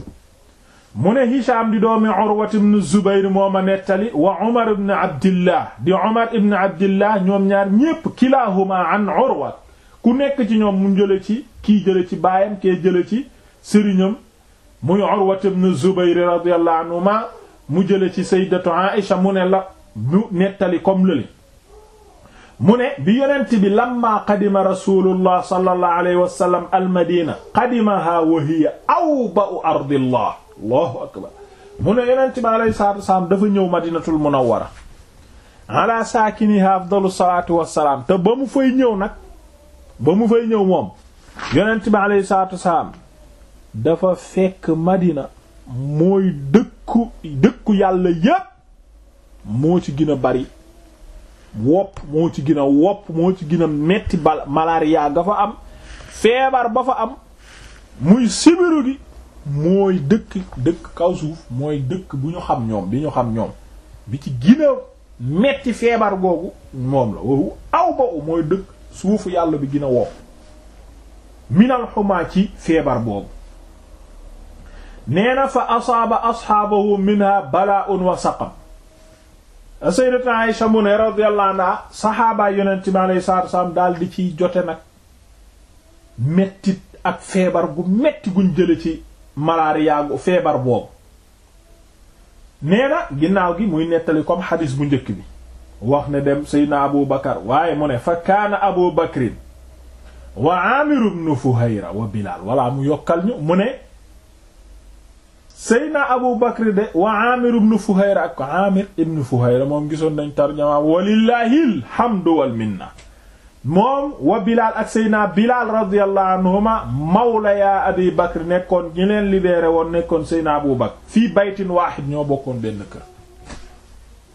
mu ne Hisham di doomi Urwa ibn Zubayr moo ma nettali wa Umar ibn Abdillah di Umar ibn Abdillah ñoom ñaar ñépp kilahuma an Urwa ku nekk ci ñoom mu jële ci kii jële ci baayam kee jële ci sëriñam muy Urwa ibn Zubayr radiyallahu mu jële ci sayyidatu Aisha mu ne la ñu nettali comme lële mu ne bi yonent bi lamma qadima rasulullah sallallahu alayhi wa sallam almadina qadimaha wa hiya awba'u ardillah allahu akbar mu ne yonent bi alayhi salaatu wasalaam dafa ñëw madinatul munawwara ala saakiniha afdalu salaatu wasalaam te ba mu fay ñëw nag ba mu fay ñëw moom yonent bi alayhi salaatu wasalaam dafa fekk madina mooy dëkku dëkku yàlla yépp moo ci gën bari wopp moo ci gën a wopp moo ci gën metti bal malaria ga am feebar ba fa am muy sibiru gi mooy dëkk dëkk kaw suuf mooy dëkk bu ñu xam ñoom bi xam ñoom bi ci gën a metti feebar googu moom la woowu aw ba mooy dëkk suufu yàlla bi gën a minal xumaa ci feebar boobu nee na fa asaaba asxaabahu balaa bala'un wa saqam sayyidat Aisha mu ne radiyallahu anha saxaabaa yonent bi alayhi salaatu wasalaam daal di ciy jote nag mettit ak feebar gu metti guñ jële ci malaria feebar boobu nee na ginnaaw gi muy nettali comme xadis bu njëkk bi wax ne dem sayyidina Abu Bakar waaye mu ne fa kaana Abu wa Aamir ibn Fuhayra wa Bilaal walla mu yokkal ñu mu ne Seyna Abu Bakr de wa Amir ibn Fuhayra ak Amir ibn Fuhayra moom gisoon nañ tarjama walillahil hamdu wal minna moom wa Bilal ak Seyna Bilal radiyallahu anhuma mawla ya Abi Bakr nekkoon ñi leen libéré woon nekkoon Seyna Abu Bakr fii baytin waahid ñoo bokkoon benn kër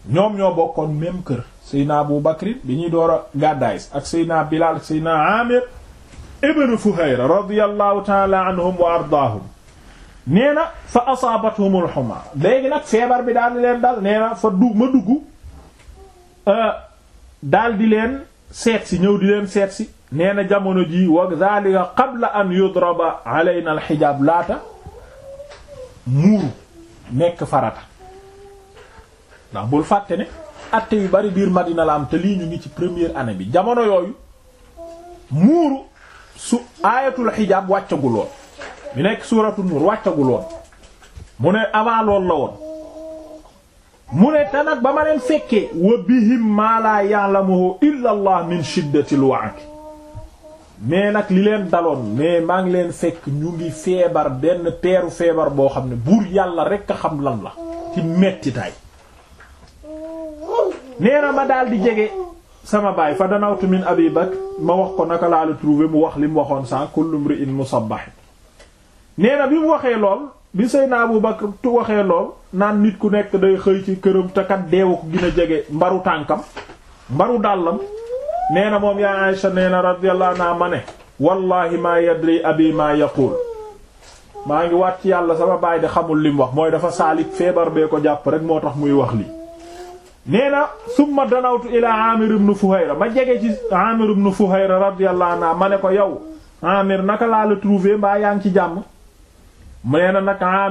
ñoom ñoo bokkoon même kër Seyna Abu Bakr bi ñuy door a gàddaay ak Seyna Bilal ak Seyna Amir ibn Fuhayra radiyallahu ta'ala anhum wa ardaahum nee na fa asaabathumul xumaa léegi nag feebar bi daal di leen dal nee fa du ma dugg euh, daal di leen seet si ñëw di leen seet si nee na jamono ji wa zalika qabla an yudraba alayna alxijaab laata muuru nekk farata ndax bul fàtte ne atte yu bari biir Madina la am te lii ñu ngi ci première année bi jamono yooyu muuru su aayatul xijaab wàccagul woon bi nekk suuratu nuur wàccagul mu ne avant loolu la woon mu ne te ba ma leen fekkee wa bihim maa laa ya'lamuhu illa allah min shiddati al-wa'ki mais nag li leen daloon mais maa ngi leen fekk ñu ngi feebar benn peeru feebar boo xam ne buur yàlla rekk a xam lan la ci mettitaay nee na ma daal di jege sama baay fa danawtu min abi ma wax ko naka laa la trouvé mu wax lim mu waxoon sànq kullu imri'in musabbah nee na bi mu waxee lool bi Seydina Abu Bakr tu waxee lool naan nit ku nekk day xëy ci këram te kat deewu ko gën jege mbaru tànkam mbaru dàllam nee na moom yaa Aysa nee na radiyallahu ma ne wallahi maa yadri abi maa yaqul maa ngi waat ci yàlla sama baay di xamul li mu wax mooy dafa saalit feebar bee ko jàpp rek moo tax muy wax lii nee na summa danawtu ilaa Amir ibn Fuhayra ma jege ci Amir ibn Fuhayra radiyallahu ma ne ko yow Amir naka laa la trouvé yaa ngi ci jàmm mu nee na naka laa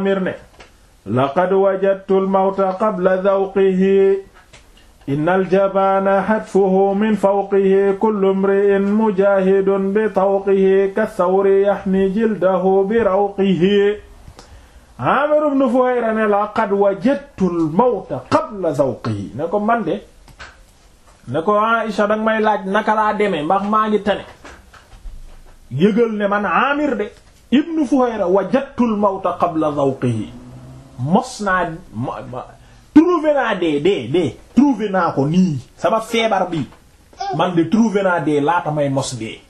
demee ndax maa ngi tane yëgal ne man Aamir de ibnu Fuhayra wajadtul mawta qabla zawqihi mos naa trouvé naa dee dee dee trouvé naa ko nii sama feebar bi man de trouvé naa dee laata may mos dee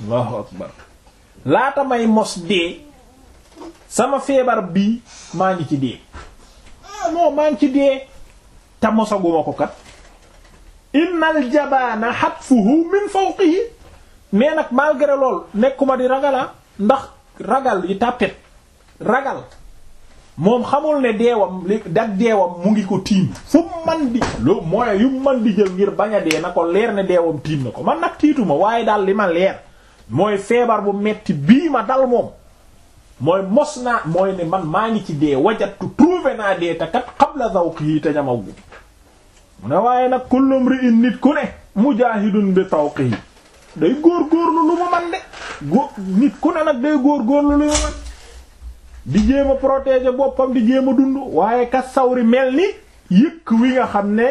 Allahu akbar laata may mos dee sama feebar bi maa ngi ci dee non maa ngi ci dee te mosaguma ko kat innal jabaana hatfuhu min fawqihi mais nag lool nekkuma di ragala ndax ragal yi tàppet ragal moom xamul ne deewam li deewam mu ngi ko tiim fu man di loo mooy yu man di jël ngir bañ a dee na ko leer ne deewam tiim na ko man nag tiituma waaye daal li ma leer mooy feebar bu metti bii ma dal moom mooy mos naa mooy ne man maa ngi ci dee wajatu trouvé naa dee te kat qabla zawqihi te ñamaw mu ne waaye nag kullu imri'in nit ku ne mujaahidun bi tawqihi day góorgóorlu lu mu man de góor nit ku ne nag day góorgóorlu lu mu man di jéem a protéger boppam di jéem a dund waaye kas sawri mel ni yëkk wi nga xam ne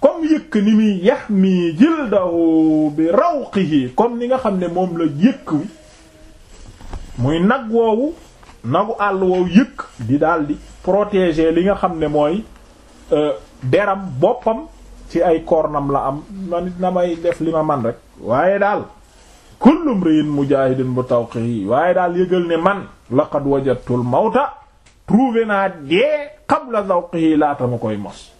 comme yëkk ni muy yax mi daw bi rawqihi comme ni nga xam ne moom la yëkk wi muy nag woowu nagu àll woowu yëkk di daldi protéger li nga xam ne mooy euh, deram boppam ci ay nam la am man it na may def li ma man rek waaye daal kullu mri'in mujahidin bu tawqihi waaye daal yëgal ne man laqad wajadtul mawta trouvé naa dee qabla yi laata mu koy mos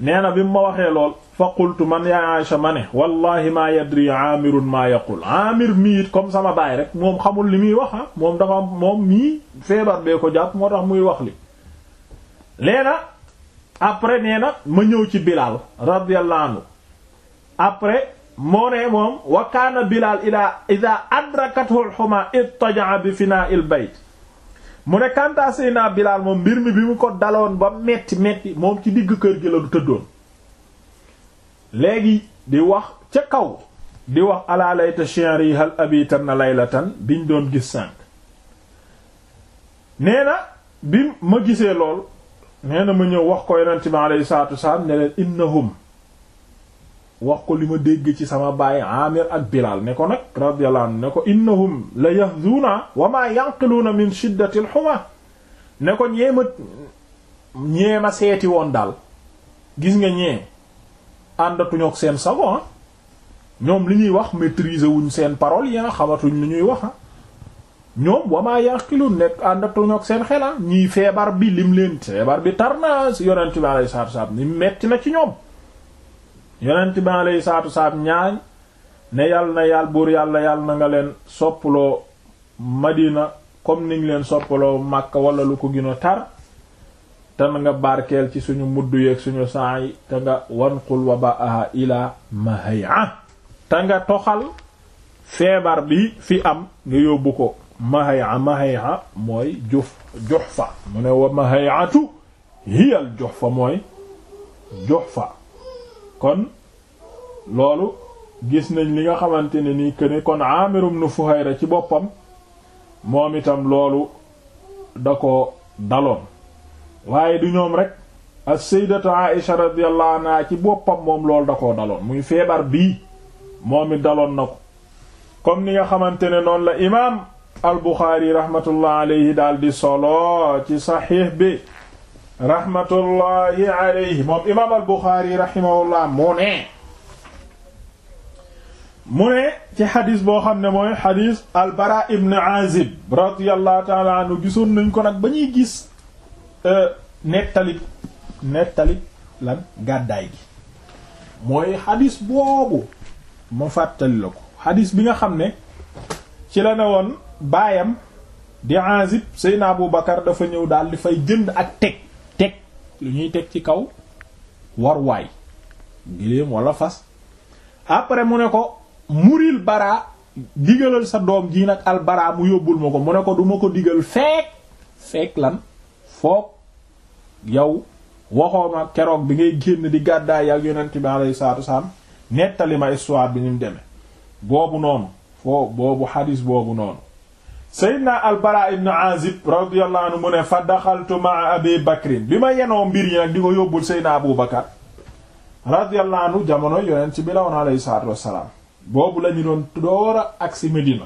nee na bi mu ma waxee lool fa qultu man yaa Aïsha ma ne wallahi maa yadri amirun maa yaqul amir mii it comme sama baay rek moom xamul li muy wax ah moom dafa moom mii feebar bee ko jàpp moo tax muy wax li nee na après nee ma ñëw ci Bilaal radiyallahu anhu après moo ne moom wa kaana bilaal ida ida adrakathu alxuma ittaja'a bi finaa'il bayt mu ne kantaa seynaa bilaal moom mbir mi bi mu ko daloon ba metti metti moom ci diggu kër gi la du tëddoon léegi di wax ca kaw di wax alaa layta shi'ri hal abitan na laylatan biñ doon gis sànq nee na bi ma gisee lool nee na ma ñëw wax ko yonent bi alayhi salaatu wasalaam ne leen innahum wax ko li ma dégg ci sama baay Amir ak Bilal ne ko nag radiyallahu ne ko innahum la yahzuuna wa ma yanqiluuna min shiddati al-huma ne ko ñeema ñeema seeti woon daal gis nga ñee àndatuñook seen sago ah. ñoom li ñuy wax maîtriser wuñ seen parole yi ah, xamatuñ li ñuy wax ah. ñoom wa ma yanqiluun nekk àndatuñook seen xela ñii feebar bi lim leen feebar bi tar na yonent bi alayhi salaatu wa ni metti na ci ñoom yonent bi alayhi salaatu salaam ñaan ne yàlla na yàlla buur yàlla yàlla na nga leen soppaloo Madina comme niñ leen soppaloo màkk wala lu ko gën a tar te nga barkeel ci suñu mudd yeeg suñu saay yi te nga wanqul wabaaha ila mahaya te nga toxal feebar bi fi am nga yóbbu ko mahaya mahaya mooy juf juhfa mu ne wa mahayatu hiyal juhfa mooy juhfa kon loolu gis nañ li nga xamante ne nii këne kon aamirum nu fuhayra ci boppam moom itam loolu da ko daloon waaye du ñoom rek as-sayyidatu Aisha radiyallahu anha ci boppam moom loolu da koo daloon muy feebar bii moom it daloon na ko comme ni nga xamante ne noonu la imaam al-Bukhari rahmatullah alayhi daal di solo ci saxiix bi rahmatullahi alayhi moom imaam al Buxaari rahimahullah mu ne mu ne ci xadis boo xam ne mooy xadis al Bara ibn Azib radiyallahu taala anhu gisoon nañ ko nag ba ñuy gis euh, nettali nettali lan gàddaay gi mooy xadis boobu ma fàttali la ko xadis bi nga xam ne ci la ne woon baayam di Azib Seydina Abu Bakar dafa ñëw daal di fay jënd ak teg lu ñuy teg ci kaw war waay giléem fas après mu ne ko muril baraa digalal sa doom ji nag al baraa mu yóbbul ma ko mu ne ko duma ko digal feek feek lan foog yow waxoo ma keroog bi ngay génn di gàddaay ak yonent bi alayhi salaatu wasalaam nettali ma histoire bi ñu demee boobu noonu foo boobu xadis boobu noonu seydna albara ibn azib radiyallahu mu ne fa daxaltu maa bakrin bi ma yenoo mbir yi nag di ko yóbbul seydna abu bakar radiyallahu jamono yonent ci bi la woon alayhi salaatu wassalaam boobu lañu doon door a agsi medina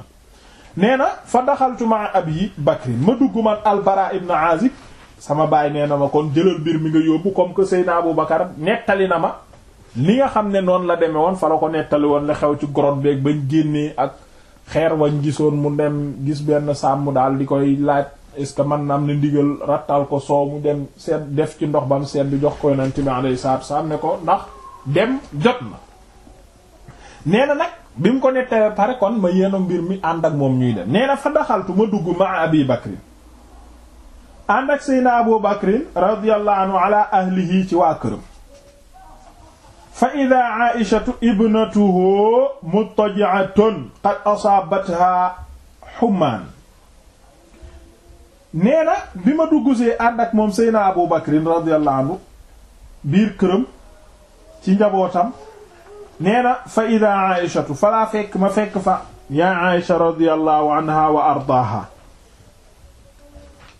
nee na fa daxaltu maa bakrin ma dugg man albara ibn azib sama baay nee na ma kon jëlal mbir mi nga yóbbu comme que seydna abu bakar nettali na ma li nga xam ne noonu la demee woon fa la ko nettali woon la xew ci grotte beeg bañ gén ak xeer wañ gisoon mu dem gis benn sàmm daal di koy laaj est-ce que man na am na ndigal rattal ko soo mu dem seet def ci ndox bam seet bi jox ko yonent bi alayhi salaatu ne ko ndax dem jot na nee na nag bi mu ko ne pare kon ma yéeno mbir mi ànd ak moom ñuy dem nee na fa daxaltu ma dugg ma abi ànd ak sayna abu bakrin radiyallahu anhu ala ahlihi ci waa këram fa ida aishatu ibnatuhu muttajiatun qad asaabatha xumaan nee na bi ma duggsee ànd ak moom seyna abu bakrin radiyallahu anhu biir këram ci njabootam nee na fa ida aishatu falaa fekk ma fekk fa yaa aisha radiyallahu anha wa ardaaha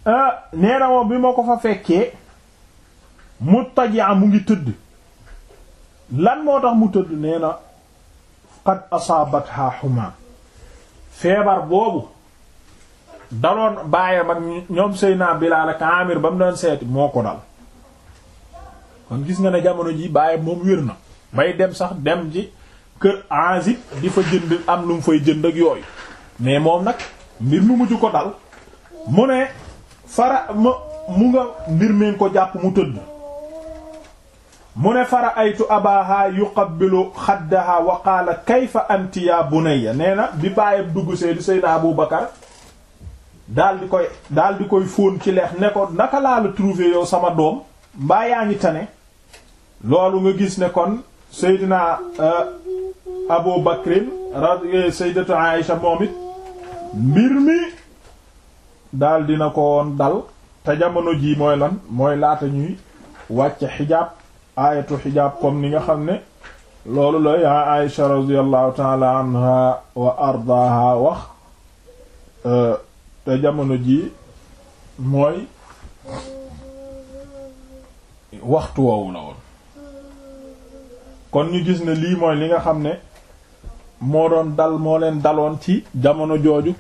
ah, nee na moom bi ma ko fa fekkee muttaji mu ngi tëdd lan moo tax mu tëdd nee na qad asaabatha xuma feebar boobu daloon bàyyam ak ñoom Seydina Bilaal ak Amir ba mu daan seeti moo ko dal kon gis nga ne jamono ji bàyyam moom wér na bay dem sax dem ji kër Azib di fa jënd am lu mu fay jënd ak yooyu mais moom nag mbir mu mujj ko dal mu ne fara mu nga mbir mi ko jàpp mu tëdd mu ne fara aytu abaha yuqabbilu xaddaha wa qaala kayfa anti ya bunayya nee na bi bàyyeb dugg seydi seydna abou bakar daal di koy daal di koy fóon ci leex ne naka laa la yow sama doom mbaa yaa ngi tane loolu nga gis ne kon seydna uh, abou bakrin radi eh, sayyidatu aïsha moom it mbir mi daal dina ko woon dal te jamono ji mooy lan mooy laata ñuy wàcce xijaab aayatu xijaab comme li nga xam ne loolu la yaa Aïsha radiyallahu taala anha wa ardaaha wax euh, te jamono ji mooy waxtu woowu la woon kon ñu gis ne lii mooy li nga xam ne moo doon dal moo leen daloon ci jamono jooju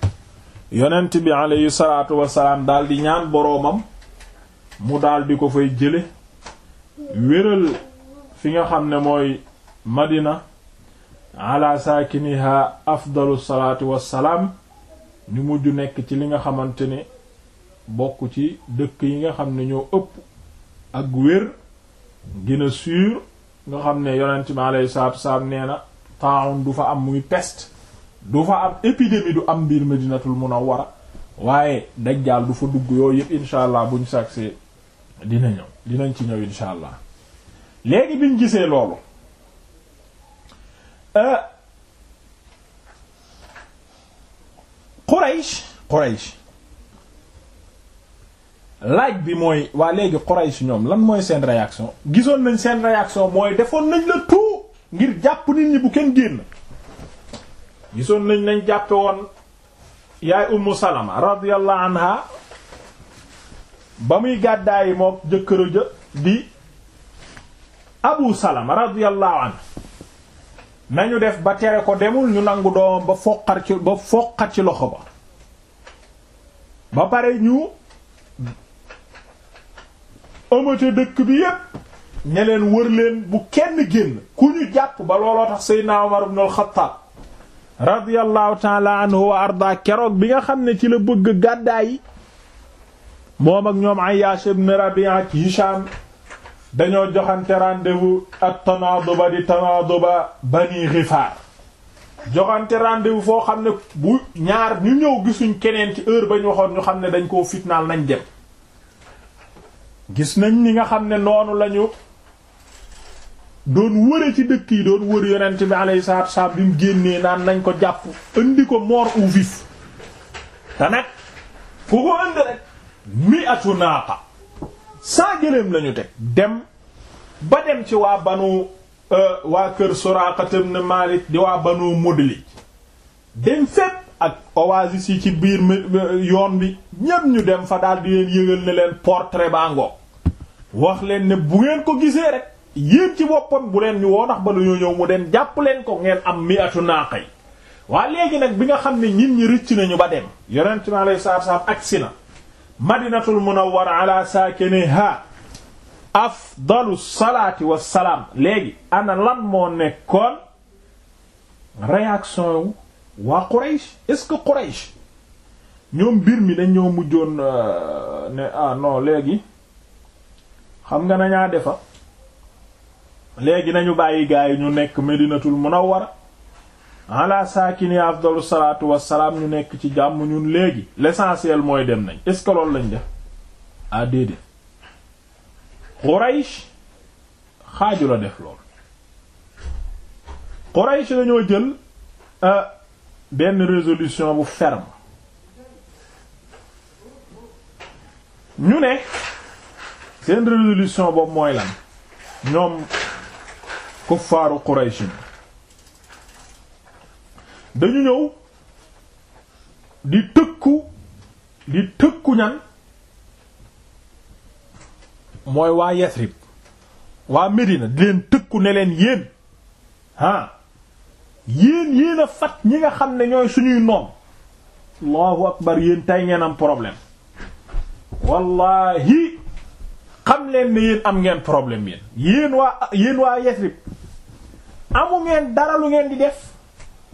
yonent bi alayhi salaatu wasalaam daal di ñaan boroomam mu daal di ko fay jële wéral fi nga xam ne mooy madina ala saakiniha afdalu salaatu wassalaam ñu mujj nekk ci li nga xamante ne bokk ci dëkk yi nga xam ne ñoo ëpp ak wér gën a sûr nga xam ne yonent mi alayhi salaatu wassalaam nee na taawun du fa am muy pest du fa am épidémie du am biir madinatul munawwara waaye dajjaal du fa dugg yooyu yëpp incha allah buñ sagsee dina ñëw dinañ ci ñëw insha allah léegi biñ gisee loolu euh, Quraysh Quraysh laaj bi mooy waa léegi Quraysh ñoom lan mooy seen réaction gisoon nañ seen réaction mooy defoon nañ la tout ngir jàpp nit ñi bu kenn génn gisoon nañ lañ jàppe woon yaay Ummu Salama radiyallahu anha ba muy gàddaayi moom jëkkëra ja di abu salama radiyallahu an nañu def ba tere ko demul ñu nangu doom ba foqar foqat ci loxo ba ba pare ñu ëmate dëkk bi yépp ñe leen bu kenn génn ku ñu jàpp ba looloo tax seydna Umar ibn radiyallahu ta'ala anhu wa arda keroog bi nga xam ne ci la bëgg gàddaay moom ak ñoom Ayyash ibn Rabi'a ak Hisham dañoo joxante rendez-vous ak tanaaduba di tanaaduba Bani Ghifaar joxante rendez foo xam ne bu ñaar ñu ñëw gisuñ keneen ci heure ba ñu waxoon ñu xam ne dañ koo fitnaal nañ dem gis nañ ni nga xam ne noonu lañu doon wëre ci dëkk yi doon wër yonent bi alayhi salaatu wasallam bi mu génnee naan nañ ko jàpp indi ko mort ou vif te ko indi rek mi'atu naaqa saa gëléem lañu teg dem ba dem ci waa banu euh, waa kër Suraaqa ibn Maalik di waa banu Mudlij dem fépp ak oasis ci biir yoon bi ñépp ñu dem fa daal di leen yëgal ne leen portrait baa ngoog wax leen ne bu ngeen ko gisee rek yéen ci boppam bu leen ñu woo nax ba ñu ñëw mu dem jàpp leen ko ngeen am mi'atu naaqa yi waa léegi nag bi nga xam ne ñin ñi rëcc nañu ba dem yonent mi alayhi salaatu salaam si na madinatul munawwara ala saakiniha afdalu salaati salaam léegi ana lan moo nekkoon réaction wu waa Quraysh est que Quraysh ñoom mbir mi mu joon euh, ne ah non léegi xam nga nañaa defa léegi nañu bàyyi yi ñu nekk madinatul munawwara ala saakini afdalu salaatu wassalaam ñu nekk ci jàmm ñun léegi l'essentiel mooy dem nañ est-ce que loolu lañ def ah déedéet Quraysh xaaju la def lool Quraysh dañoo jël euh, benn résolution bu ferme ñu ne seen résolution boobu mooy lan ñoom kuffaaru Quraysh dañu ñëw di tëkku di tëkku ñan mooy waa Yasrib waa Medina di leen tëkku ne leen yéen ah yéen yéen fat ñi nga xam ne ñooy suñuy noon allahu akbar yéen tey ngeen am problème wallahi xam leen ne yéen am ngeen problème yéen yéen waa yéen waa Yasrib amu ngeen dara lu ngeen di def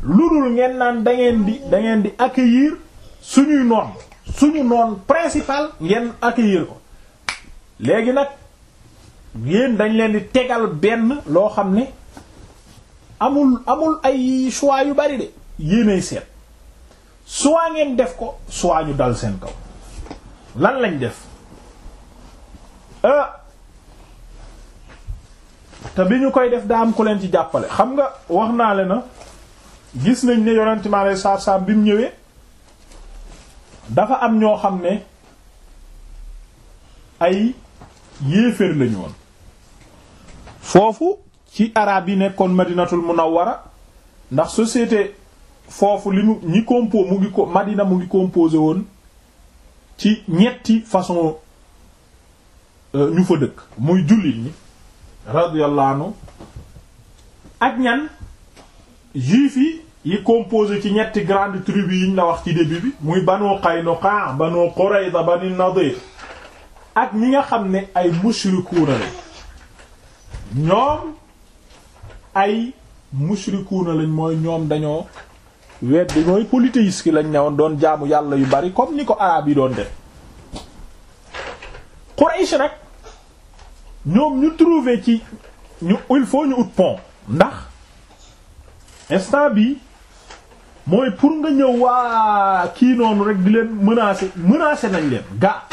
lu dul ngeen naan dangeen di dangeen di accueillir suñuy noon suñu noon principal ngeen accueillir ko léegi nag yéen dañ leen di tegal benn loo xam ne amul amul ay choix yu bari de yéenay seet soit ngeen def ko soit ñu dal seen kaw lan lañ def ah te bi ñu koy def daa am ku leen ci jàppale xam nga wax naa le na gis nañ ne yonent mi alayhi salaatu bi mu ñëwee dafa am ñoo xam ne ay yéeféer lañu woon foofu ci araab yi nekkoon madinatul munawwara ndax société foofu li mu ñi compo mu ngi ko madina mu ngi composé woon ci ñetti façon euh, ñu fa dëkk muy jullit ñi radiyallahu anhu ak ñan juif yi yi composé ci ñetti grande tribu yi ñu la wax ci début bi muy Banu Qaynuqa Banu Qurayza Banu Nadir ak ñi nga xam ne ay mushrikuuna lañ ñoom ay mushrikuuna lañ mooy ñoom dañoo weddi mooy polythéiste ki lañ newoon doon jaamu yàlla yu bari comme ni ko araab yi doon def Quraysh nag ñoom ñu trouver ci ñu il faut ñu ut pont ndax instant bi mooy pour nga ñëw waa kii noonu rek di leen menacer menacer nañ leen ga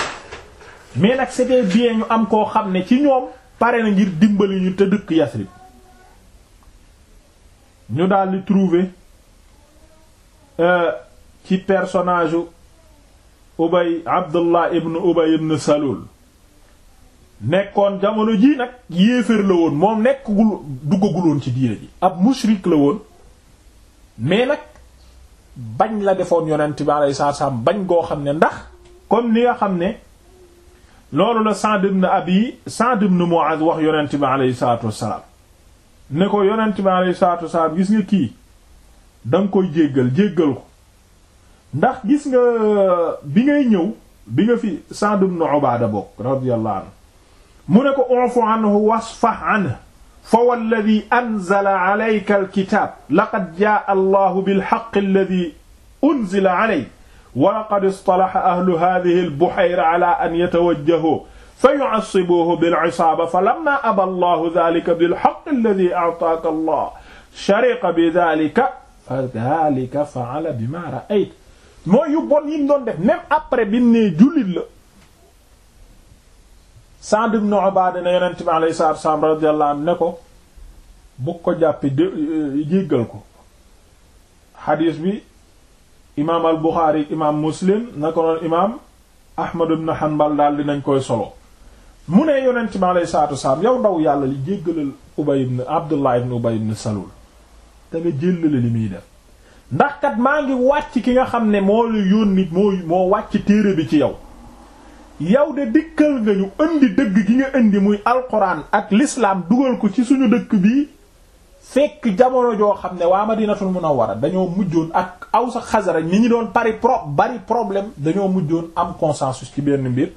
mais nag c'était bien ñu am koo xam ne ci ñoom pare na ngir dimbali ñu te dëkk Yasrib ñu daal di trouver euh, ci personnage Ubay Abdullah ibn Ubay ibn Salul nekkoon jamono jii nag yéeféer la woon moom nekkagul duggaguloon ci diine ji ab mushrik la woon mais nag bañ la defoon yonent bi alayhi salaatu salaam bañ goo xam ne ndax kon ni nga xam ne loolu la Sa'd ibn Abi Sa'd ibn Mu'adh wax yonent bi alayhi salaatu wassalaam ne ko yonent bi alayhi salaatu wassalaam gis nga kii danga koy jéggal jéggal ko ndax gis nga bi ngay ñëw bi nga fi Sa'd ibn Ubaada bokk radiyallahu anhu fa walladi anzala alayka alkitaab laqad jaa allahu bilxaq alladi unzila alayk wa laqad istalaxa ahlu hadihi albuxayra ala an yatawajjahuu fa yu'assibuuhu bil'isaaba falammaa abaa allahu daalika bilxaq alladi a'taaka allah shariqa bidaalika fadaalika fa'ala bimaa ra'ayta mooy yu bon yi mu doon def même après bi mu nee jullit la Sa'd ibn Ubaada ne yonent bi alayhi salaatu wa salaam radiyallahu anhu ne ko bu ko jàppi dé euh, jéggal ko xadiis bi imaam al Buxaari imaam Muslim na ko noon imaam Ahmad ibn Hanbal daal dinañ koy solo mu ne yonent bi alayhi salaatu wa salaam yow ndaw yàlla li jéggalal Ubay ibn Abdullah ibn Ubay ibn Salul te nga jéllale li muy def ndax kat maa ngi wàcc ki nga xam ne moo la yónni moo moo wàcc téere bi ci yow yow de dikkal nga ñu indi dëgg gi nga indi muy alquran ak lislaam dugal ko ci suñu dëkk bii fekk jamono joo xam ne waa mën Madinatul Munawwara dañoo mujjoon ak aw sa xasara ñi ñi doon pari pro bari problème dañoo mujjoon am consensus ci benn mbir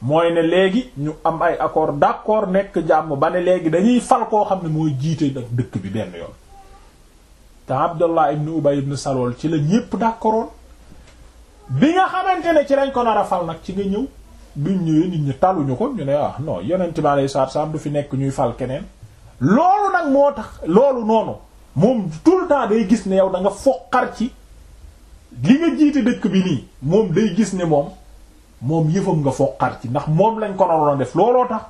mooy ne léegi ñu am ay accord d'accord nekk jàmm ba ne léegi dañuy fal koo xam ne mooy jiite nag dëkk bi benn yoon te Abdullah ibn Ubay ibn Salul ci la ñépp d'accordoon bi nga xamante ne ci lañ ko nar fal nag ci nga ñëw biñ ñëwee nit ñi taluñu ko ñu ne ah non yonent bi alayhi salaatu salaam du fi nekk ñuy fal keneen loolu nag moo tax loolu noonu moom tout le temps day gis ne yow da nga foqar ci li nga jiite dëkk bi nii moom day gis ne moom moom yëfam nga foqar ci ndax moom lañ ko naroon def looloo tax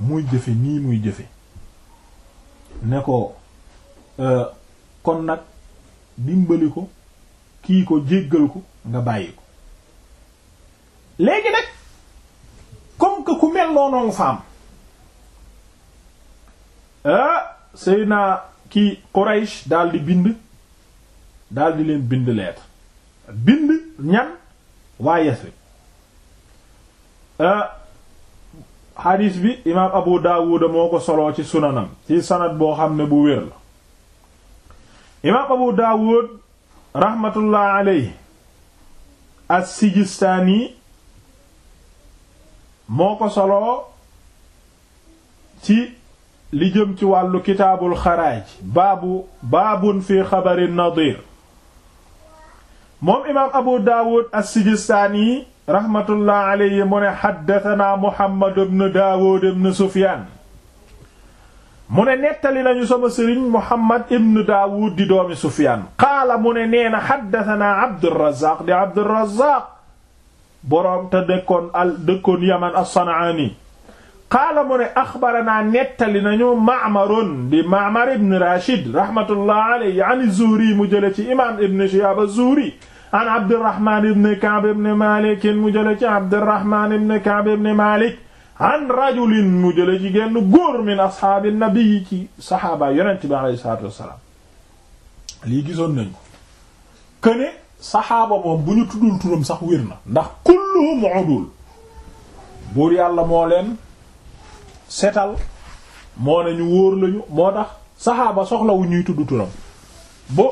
muy jëfe nii muy jëfe ne ko euh, kon nag dimbali ko kii ko jéggal ko nga bàyyi ko léegi nag comme que ku mel noonu fa am ah, naa kii Quraysh daldi di bind daal leen bind lettre bind ñan waa Yasrib xadiis ah, bi imaam Abu Daawuda moo ko soloo ci sunanam ci sanad boo xam ne bu wér la imaam Abu Daawud rahmatullah alayhi as-Sijistaani moo ko soloo ci li jëm ci wàllu kitaabul xaraaj baabu baabun fi xabari nadir moom imaam abu daawud as-sijistaani rahmatullah alayhi mu ne xaddatanaa muhammad ibn daawud ibn sufyaan mu ne nettali nañu sama sëriñ muhammad ibn daawud di doomi sufyaan qaala mu ne nee na xaddatanaa abdurazaq di abdurazaq boroom te dëkkoon al dëkkoon yaman as-San'aani qaala mu ne axbaranaa nettali nañu Ma'marun di Ma'mar ibn Rashid rahmatullah alayhi an Zuhri mu jële ci imaam ibn Shihaab az-Zuhri an Abdurrahman ibn Ka'b ibn Malik mu jële ci Abdurrahman ibn Ka'b ibn Malik an rajulin mu jële ci genn góor min ashaabi nabi ci saxaaba yonent bi alayhi salaatu wassalaam lii gisoon nañu ko ne saxaaba moom bu ñu tuddul turam sax wér na ndax kulluhum udul buur yàlla moo leen setal moo ne ñu wóor lañu moo tax saxaaba soxlawu ñuy tudd turam bo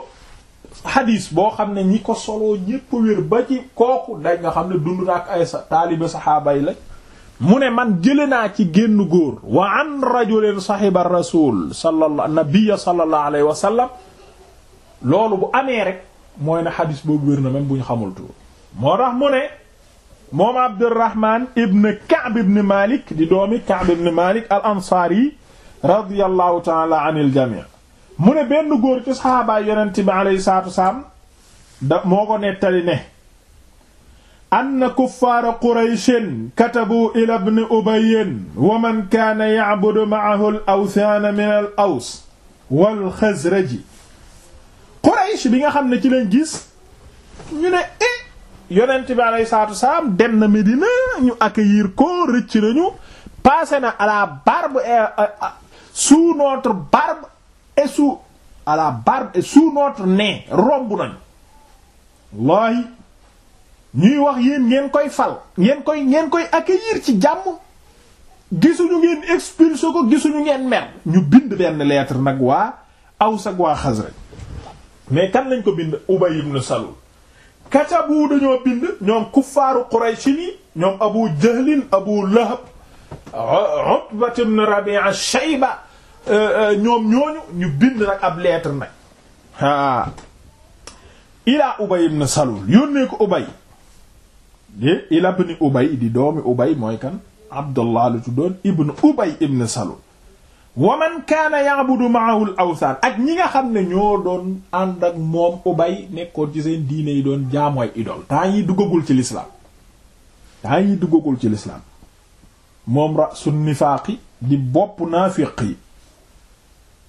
xadiis boo xam ne ñi ko soloo ñépp wér ba ci kooku day nga xam ne dund ak ay sa taalibe saxaaba yi la mu ne man jële naa ci génn góor wa an rajulin saxiba rasul sallallahu nabiyya sallallahu alayhi wa sallam loolu bu amee rek mooy ne xadis boobu wér na même bu ñu xamul tuur moo tax mu ne moom Abdurrahman ibn Ka'b ibn Malik di doomi Ka'b ibn Malik al ansaari radiyallahu taala anil jami' mu ne benn góor ci saxaabaay yonent bi alayhi salaatu wasalaam da moo ko nettali ne ann kuffaara qurayshin katabu ila ibn ubayin wa man kaana ya'budu ma'ahu al awthaana min al aws wal xazraji Quraysh bi nga xam ne ci lañ gis ñu ne eh yonent bi alayhi salaatu salaam dem na Medina ñu accueillir ko rëcc nañu passé na à la barbe euh, euh, sous notre barbe sous notre nez romb nañu wallahi ñuy wax yéen ngeen koy fal ngeen koy ngeen koy accueillir ci jàmm gisuñu ngeen expulsé ko gisuñu ngeen mer ñu bind benn lettre nag waa aw ak waa Xasraj mais kan lañ ko bind Ubay ibn Salul katabu dañoo bind ñoom kuffaaru Quraysh ni ñoom Abu Jahlin Abu Lahab Utba ibn euh, euh, bind ab lettre nag aa ilaa Ubay ibn Salul yónnee ko Ubay de ila ibn Ubay di doomi Ubay mooy kan Abdullah lu tuddoon ibn Ubay ibn Salul wa man kaana ya'budu ma'ahu al-awthan ak ñi nga xam ne ñoo doon ànd ak moom ubay nekkoon ci seen diine yi doon jaamooy idol temps yi duggagul ci l'islam temps yi duggagul ci l'islam moom rasul nifaaqi di bopp naafiq yi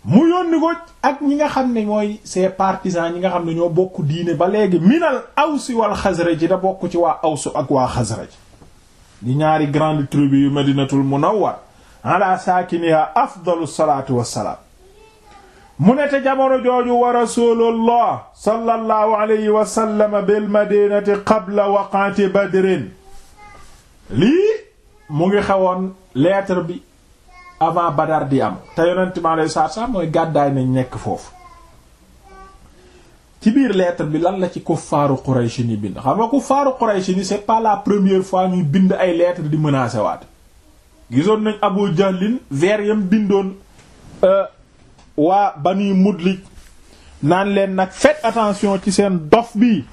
mu yónni ko ak ñi nga xam ne mooy ses partisans ñi nga xam ne ñoo bokk diine ba léegi minal awsi wal xasraj da bokk ci waa awsu ak waa xasraj di ñaari grande tribu yu madinatul munawwar ala saakiniha afdalu mu ne te jamono jooju wa rasulullah sallallahu alayhi wa sallam bil madinati qabla waqaati badrin lii mu ngi xewoon lettre bi avant badar di am te yonent ma lay mooy gàddaay nañ nekk foofu ci biir lettre bi lan la ci kuffaaru Quraysh ni bind xam nga kuffaaru Quraysh ni c'est la première fois ñuy bind ay lettre di menacer waat gisoon nañ abu jahlin vers yam bindoon euh, waa bani mudlij naan leen nag faites attention ci seen dof bii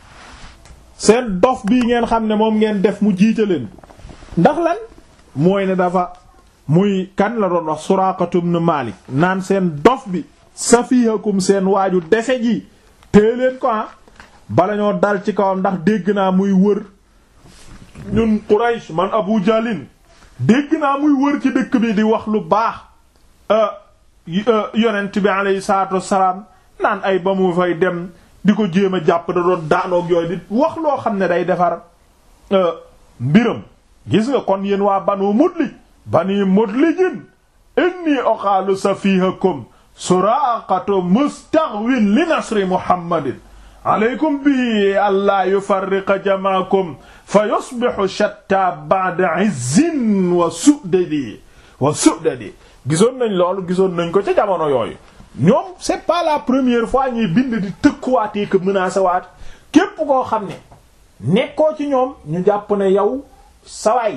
seen dof bii ngeen xam ne moom ngeen def mu jiite leen ndax lan mooy ne dafa muy kan la doon wax suraakatum nu maalik naan seen dof bi safihakum seen waaju defe ji téye leen ko ah bala ñoo dal ci kawam ndax dégg naa muy wër ñun Quraysh man abu jahlin dégg naa muy wër ci dëkk bi di wax lu baax euh, euh, yonent bi aleyhi salaatu wassalaam naan ay ba mu fay dem di ko jéem a jàpp da doon daanoog yooyu di wax loo xam ne day defar euh, mbiram gis nga kon yéen waa banu mudlij bani mudlijin inni oxaalu safihakum suraqatu mustaghwin li nasri muhammadin aleykum bi allah yufarriqa jamaakum fa yusbihu shatta ba'da izzin wa su'dadi wa gisoon nañ loolu gisoon nañ ko ca jamono yooyu ñoom c'est pas la première fois ñuy bind di tëkkuwaatee ko menacé waat képp koo xam ne nekkoo ci ñoom ñu jàpp ne yow sawaay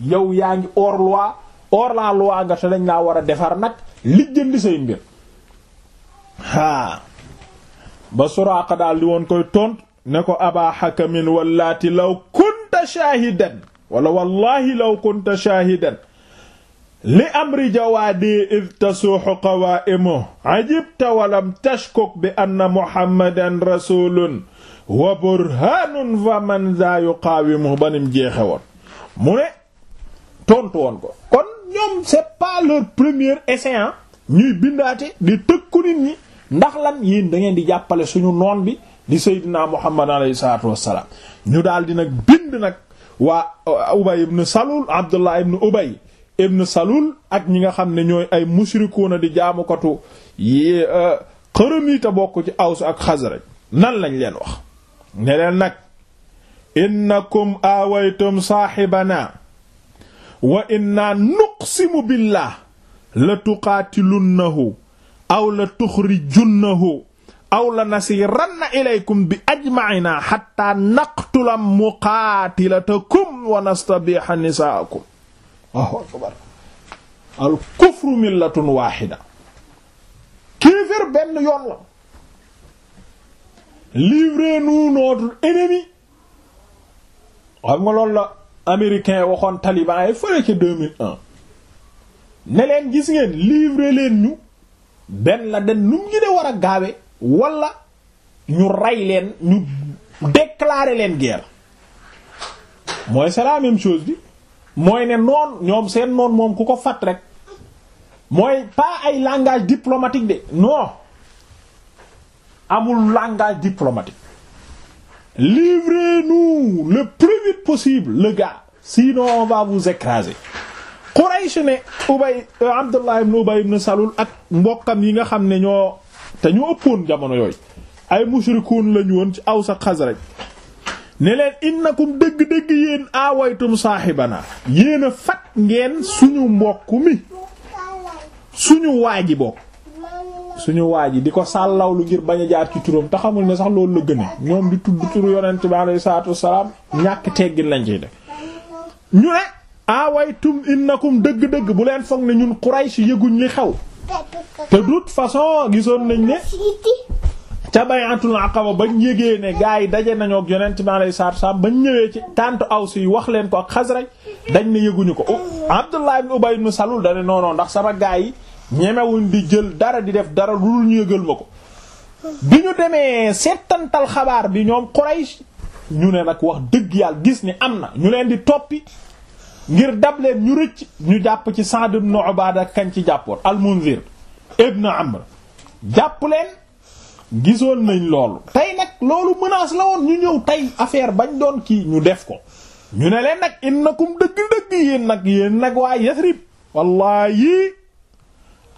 yow yaa ngi hors loi hors la loi nga te dañ laa war a defar nag lijjandi say mbir haa ba suraaqa daal di woon koy tontu ne ko aba xakamin wallaati law kunta shaahidan wala wallahi law kunta shaahidan li amri jawaadi id tasuuxu qawaaimu ajibta walam tashkuk bi anna muhammadan rasulun wa burhanun fa man za yuqaawimu banim jeexe woon mu ne tontu woon ko kon ñoom c'est premier essai ñuy bindaate di tëkku nit ñi ndax lan yéen dangeen di jàppale suñu noon bi di Seydina Muhammad alayhi salaatu wassalaam ñu daal di nag bind nag waa uh, Ubay ibn Salul Abdullah ibn Ubay ibn Salul ak ñi nga xam ne ñooy ay mushrikuuna di jaamukatu yi uh, xërëm yi bokk ci Aws ak Xasraj nan lañ leen wax ne leen nag innakum awaytum saaxibana wa inna nuqsimu billah la tuqaatilunnahu aw la tuxrijunnahu aw la nasiranna ilaykum bi ajma'ina hatta naqtula muqatilatakum wa nastabiha nisaakum Allahu akbar waahida kéefër benn yoon la livrez-nous notre ennemi xam nga taliban yi fële ca 2001 gis ngeen livrer leen ñu benn la den nu mu gën war a gaawe wala ñu rey leen ñu déclarer leen guerre mooy c'est la chose bi mooy ne noon ñoom seen noon moom ku ko fat rek mooy pas ay langage diplomatique de no amul langage diplomatique livrez-nous le plus vite possible le gars sinon on va vous écraser Quraysh ne Ubay euh, Abdullah ibn Ubay ibn Salul ak mbokkam yi nga xam ne ñoo te ñoo ëppoon jamono yooyu ay mushrikuun lañu woon ci Aws ak Xasraj ne leen innakum dëgg-dëgg yéen awaytum saaxibana yéen a fat ngeen suñu mbokk mi suñu waaji bokk suñu waaji di ko sàllawlu ngir bañ a jaar ci turam te xamul ne sax loolu la gëne ñoom di tudd turu yonent bi alayhi salaatu wassalaam ñàkk teggin lañ ciy def ñu ne awaytum innakum dëgg-dëgg bu leen foog na ñun Quraysh yëguñ li xew te toute façon gisoon nañ ne ca bay'atul aqaba bañ yégee ne gars yi daje nañoo ak yonent bi alayhi salaatu salaam bañ ñëwee ci tànt Aws yi wax leen ko ak Xasraj dañ ne yëguñu ko Abdullah ibn Ubay ibn Salul dane noonoo ndax sama gars yi ñemewuñ di jël dara di def dara lu dul ñu yëgal ma ko bi ñu demee seetantal xabaar bi ñoom Quraysh ñu ne nag wax dëgg yàlla gis ni am na ñu leen di toppi ngir dab ñu rëcc ñu jàpp ci Sa'd ibn Ubaada kañ ci jàppoon al-Munzir ibn Amr jàpp leen gisoon nañ loolu tey nag loolu menace la woon ñu ñëw tey affaire bañ doon kii ñu def ko ñu ne leen nag innakum dëgg-dëgg yéen nag yéen nag waa Yasrib wallaahi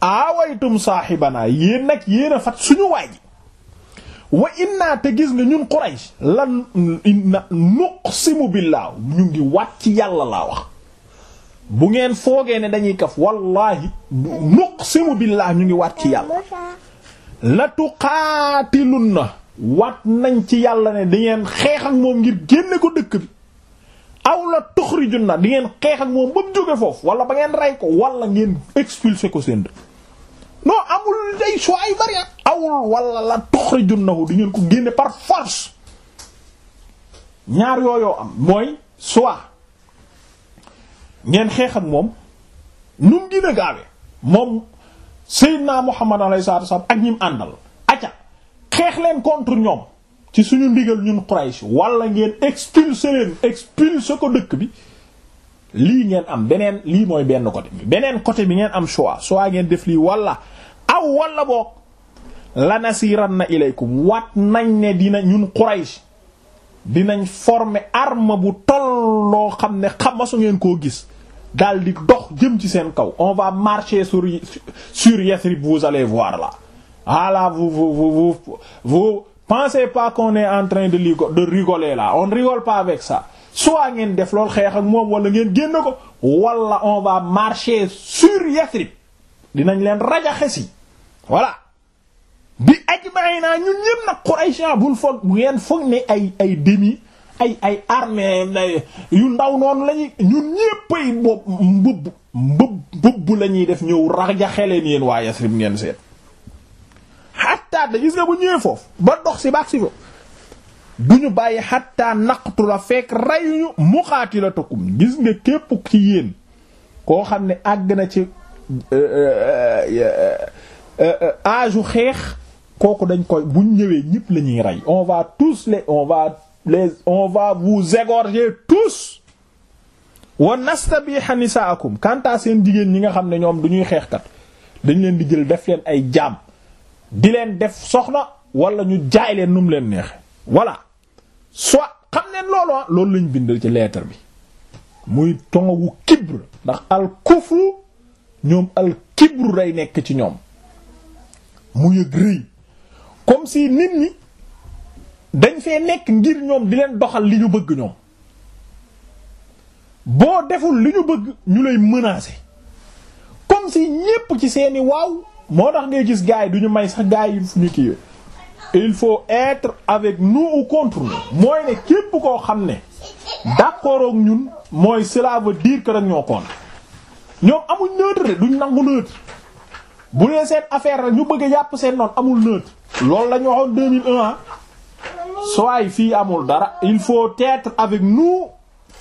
aawaytum saaxibanaa yéen nag yéen a fat suñu waay ji wa inna te gis nga ñun Quraysh lan inna nuqsimu billaahu ñu ngi wat ci yàlla laa wax bu ngeen foogee ne dañuy kaf wallahi nuqsimu billah ñu ngi waat ci yàlla la tuqaatilun na waat nañ ci yàlla ne di ngeen xeex ak moom ngir génne ko dëkk bi aw la tuxrijun na di ngeen xeex ak moom ba mu jóge foofu wala ba ngeen rey ko wala ngeen expulser ko seen dëkk non amul day soo ay bari awul wala la tuxrijun nahu di ngeen ko génne par force ñaar yooyoo am mooy soit ngeen xeex ak moom nu mu gën a gaawee moom Seydina Muhammad alayhi salaatu ak ñim àndal aca xeex leen contre ñoom ci suñu ndigal ñun Quraysh walla ngeen expulser leen expulser ko dëkk bi lii ngeen am beneen lii mooy benn côté bi beneen côté bi ngeen am choix soit ngeen def lii wala aw wala boog lanasiranna ilaykum wat nañ ne dina ñun Quraysh dinañ former arme bu loo xam ne xamasuñu ngeen koo gis daal di dox jëm ci seen kaw on va marcher sur sur Yathrib vous allez voir là voilà ah vous vous vous pensez pas qu'on est en train de de rigoler là on rigole pas avec ça soit ngeen def lool xeex ak moom wala ngeen génn ko wala on va marcher sur Yathrib dinañ leen rajaxe si voilà bi ajmaina ñun ñëpp nag Quraysh bul foog bu ngeen foog ne ay ay demi ay ay yu ndaw noonu lañuy ñu ñéppay bopp mbëbb mbëbb mbëbb la ñuy def ñëw rajaxeleen yéen waa Yasrib ngeen seet xatta da gis nga bu ñëwee foofu ba ndox si baax si fa du ñu bàyyi xatta naqtu la fekk reyuñu muqatilatukum gis nga képp ci yéen koo xam ne àgg na ci ajo euh, euh, euh, xeex kooku dañ koy bu ñëwee ñëpp la ñuy rey tous les on les on va vous égorger tous wa nastabiha nisaakum kanta seen jigéen ñi nga xam ne ñoom duñuy xeexkat dañ leen di jël def leen ay jaam di leen def soxna wala ñu jaay leen nu mu leen neexe voilà soit xam leen loolu ah, loolu lañ bind ci lettre bi muy tongu kibr ndax al kufru ñoom al kibru day nekk ci ñoom mu yëg rëy comme si nit ñi dañ fee nekk ngir ñoom di leen doxal li ñu bëgg ñoom boo deful li ñu bëgg ñu lay menacer comme si ñépp ci seeni waaw moo tax ngay gis gaay du ñu may sax gaay yi fu ñu kiiwee il faut être avec nous ou contre mooy ne képp koo xam ne d'accord ak ñun mooy cela veut dire que ñoo contre ñoom amul neutre de duñ nangu neutre bu dee seen affaire la ñu bëggee a yàpp seen noon amul neutre loolu la waxoon soaay fii amul dara il faut tetre avec nous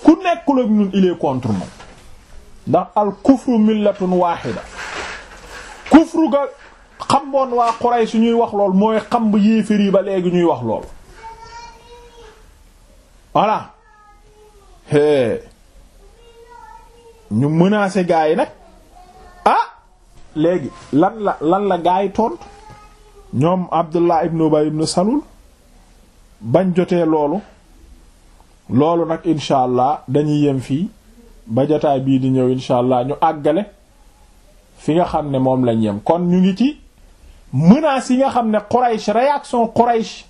ku nekkul ak ñun il contre nous ndax al kufru millatun wahida kufru ga xamboon waa Quraysh ñuy wax lool mooy xam ba yéefér yi ba léegi ñuy wax lool voilà ñu mënaase gaa yi nag ah léegi lan la lan la gaa yi tontu ñoom Abdullah ibn Ubay ibn Salul bañ jotee loolu loolu nag incha allah dañuy yem fii ba jotaay bii di ñëw incha allah ñu àggale fi nga xam ne moom lañ yem kon ñu ngi ci menaces yi nga xam ne Quraysh réaction Quraysh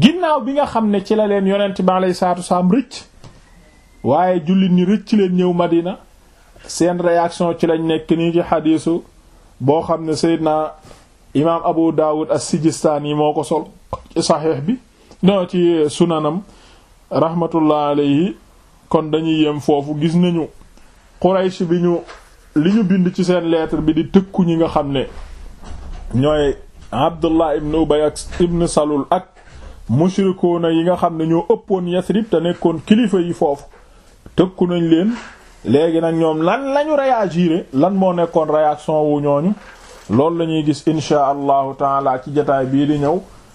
ginnaaw bi nga xam ne ci la leen yonent bi lay salaatu salaam rëcc waaye jullit ñi rëcc leen ñëw Madina seen réaction ci lañ nekk nii ci xadiisu boo xam ne Seydina imaam Abu Dawud as-Sijistaani moo ko sol ci bi. non ci sunanam rahmatullah alayhi kon dañuy yem foofu gis nañu Quraysh bi ñu li ñu bind ci seen lettre bi di tëkku ñi nga xam ne ñooy Abdullah ibn Ubay ak ibn Salul ak mushrikuuna yi nga xam ne ñoo ëppoon Yasrib te nekkoon kilifa yi foofu tëkku nañ leen léegi nag ñoom lan lañu réagir lan moo nekkoon réaction wu ñooñu loolu lañuy ñuy gis inshaa allahu taala ci jataay bii di ñëw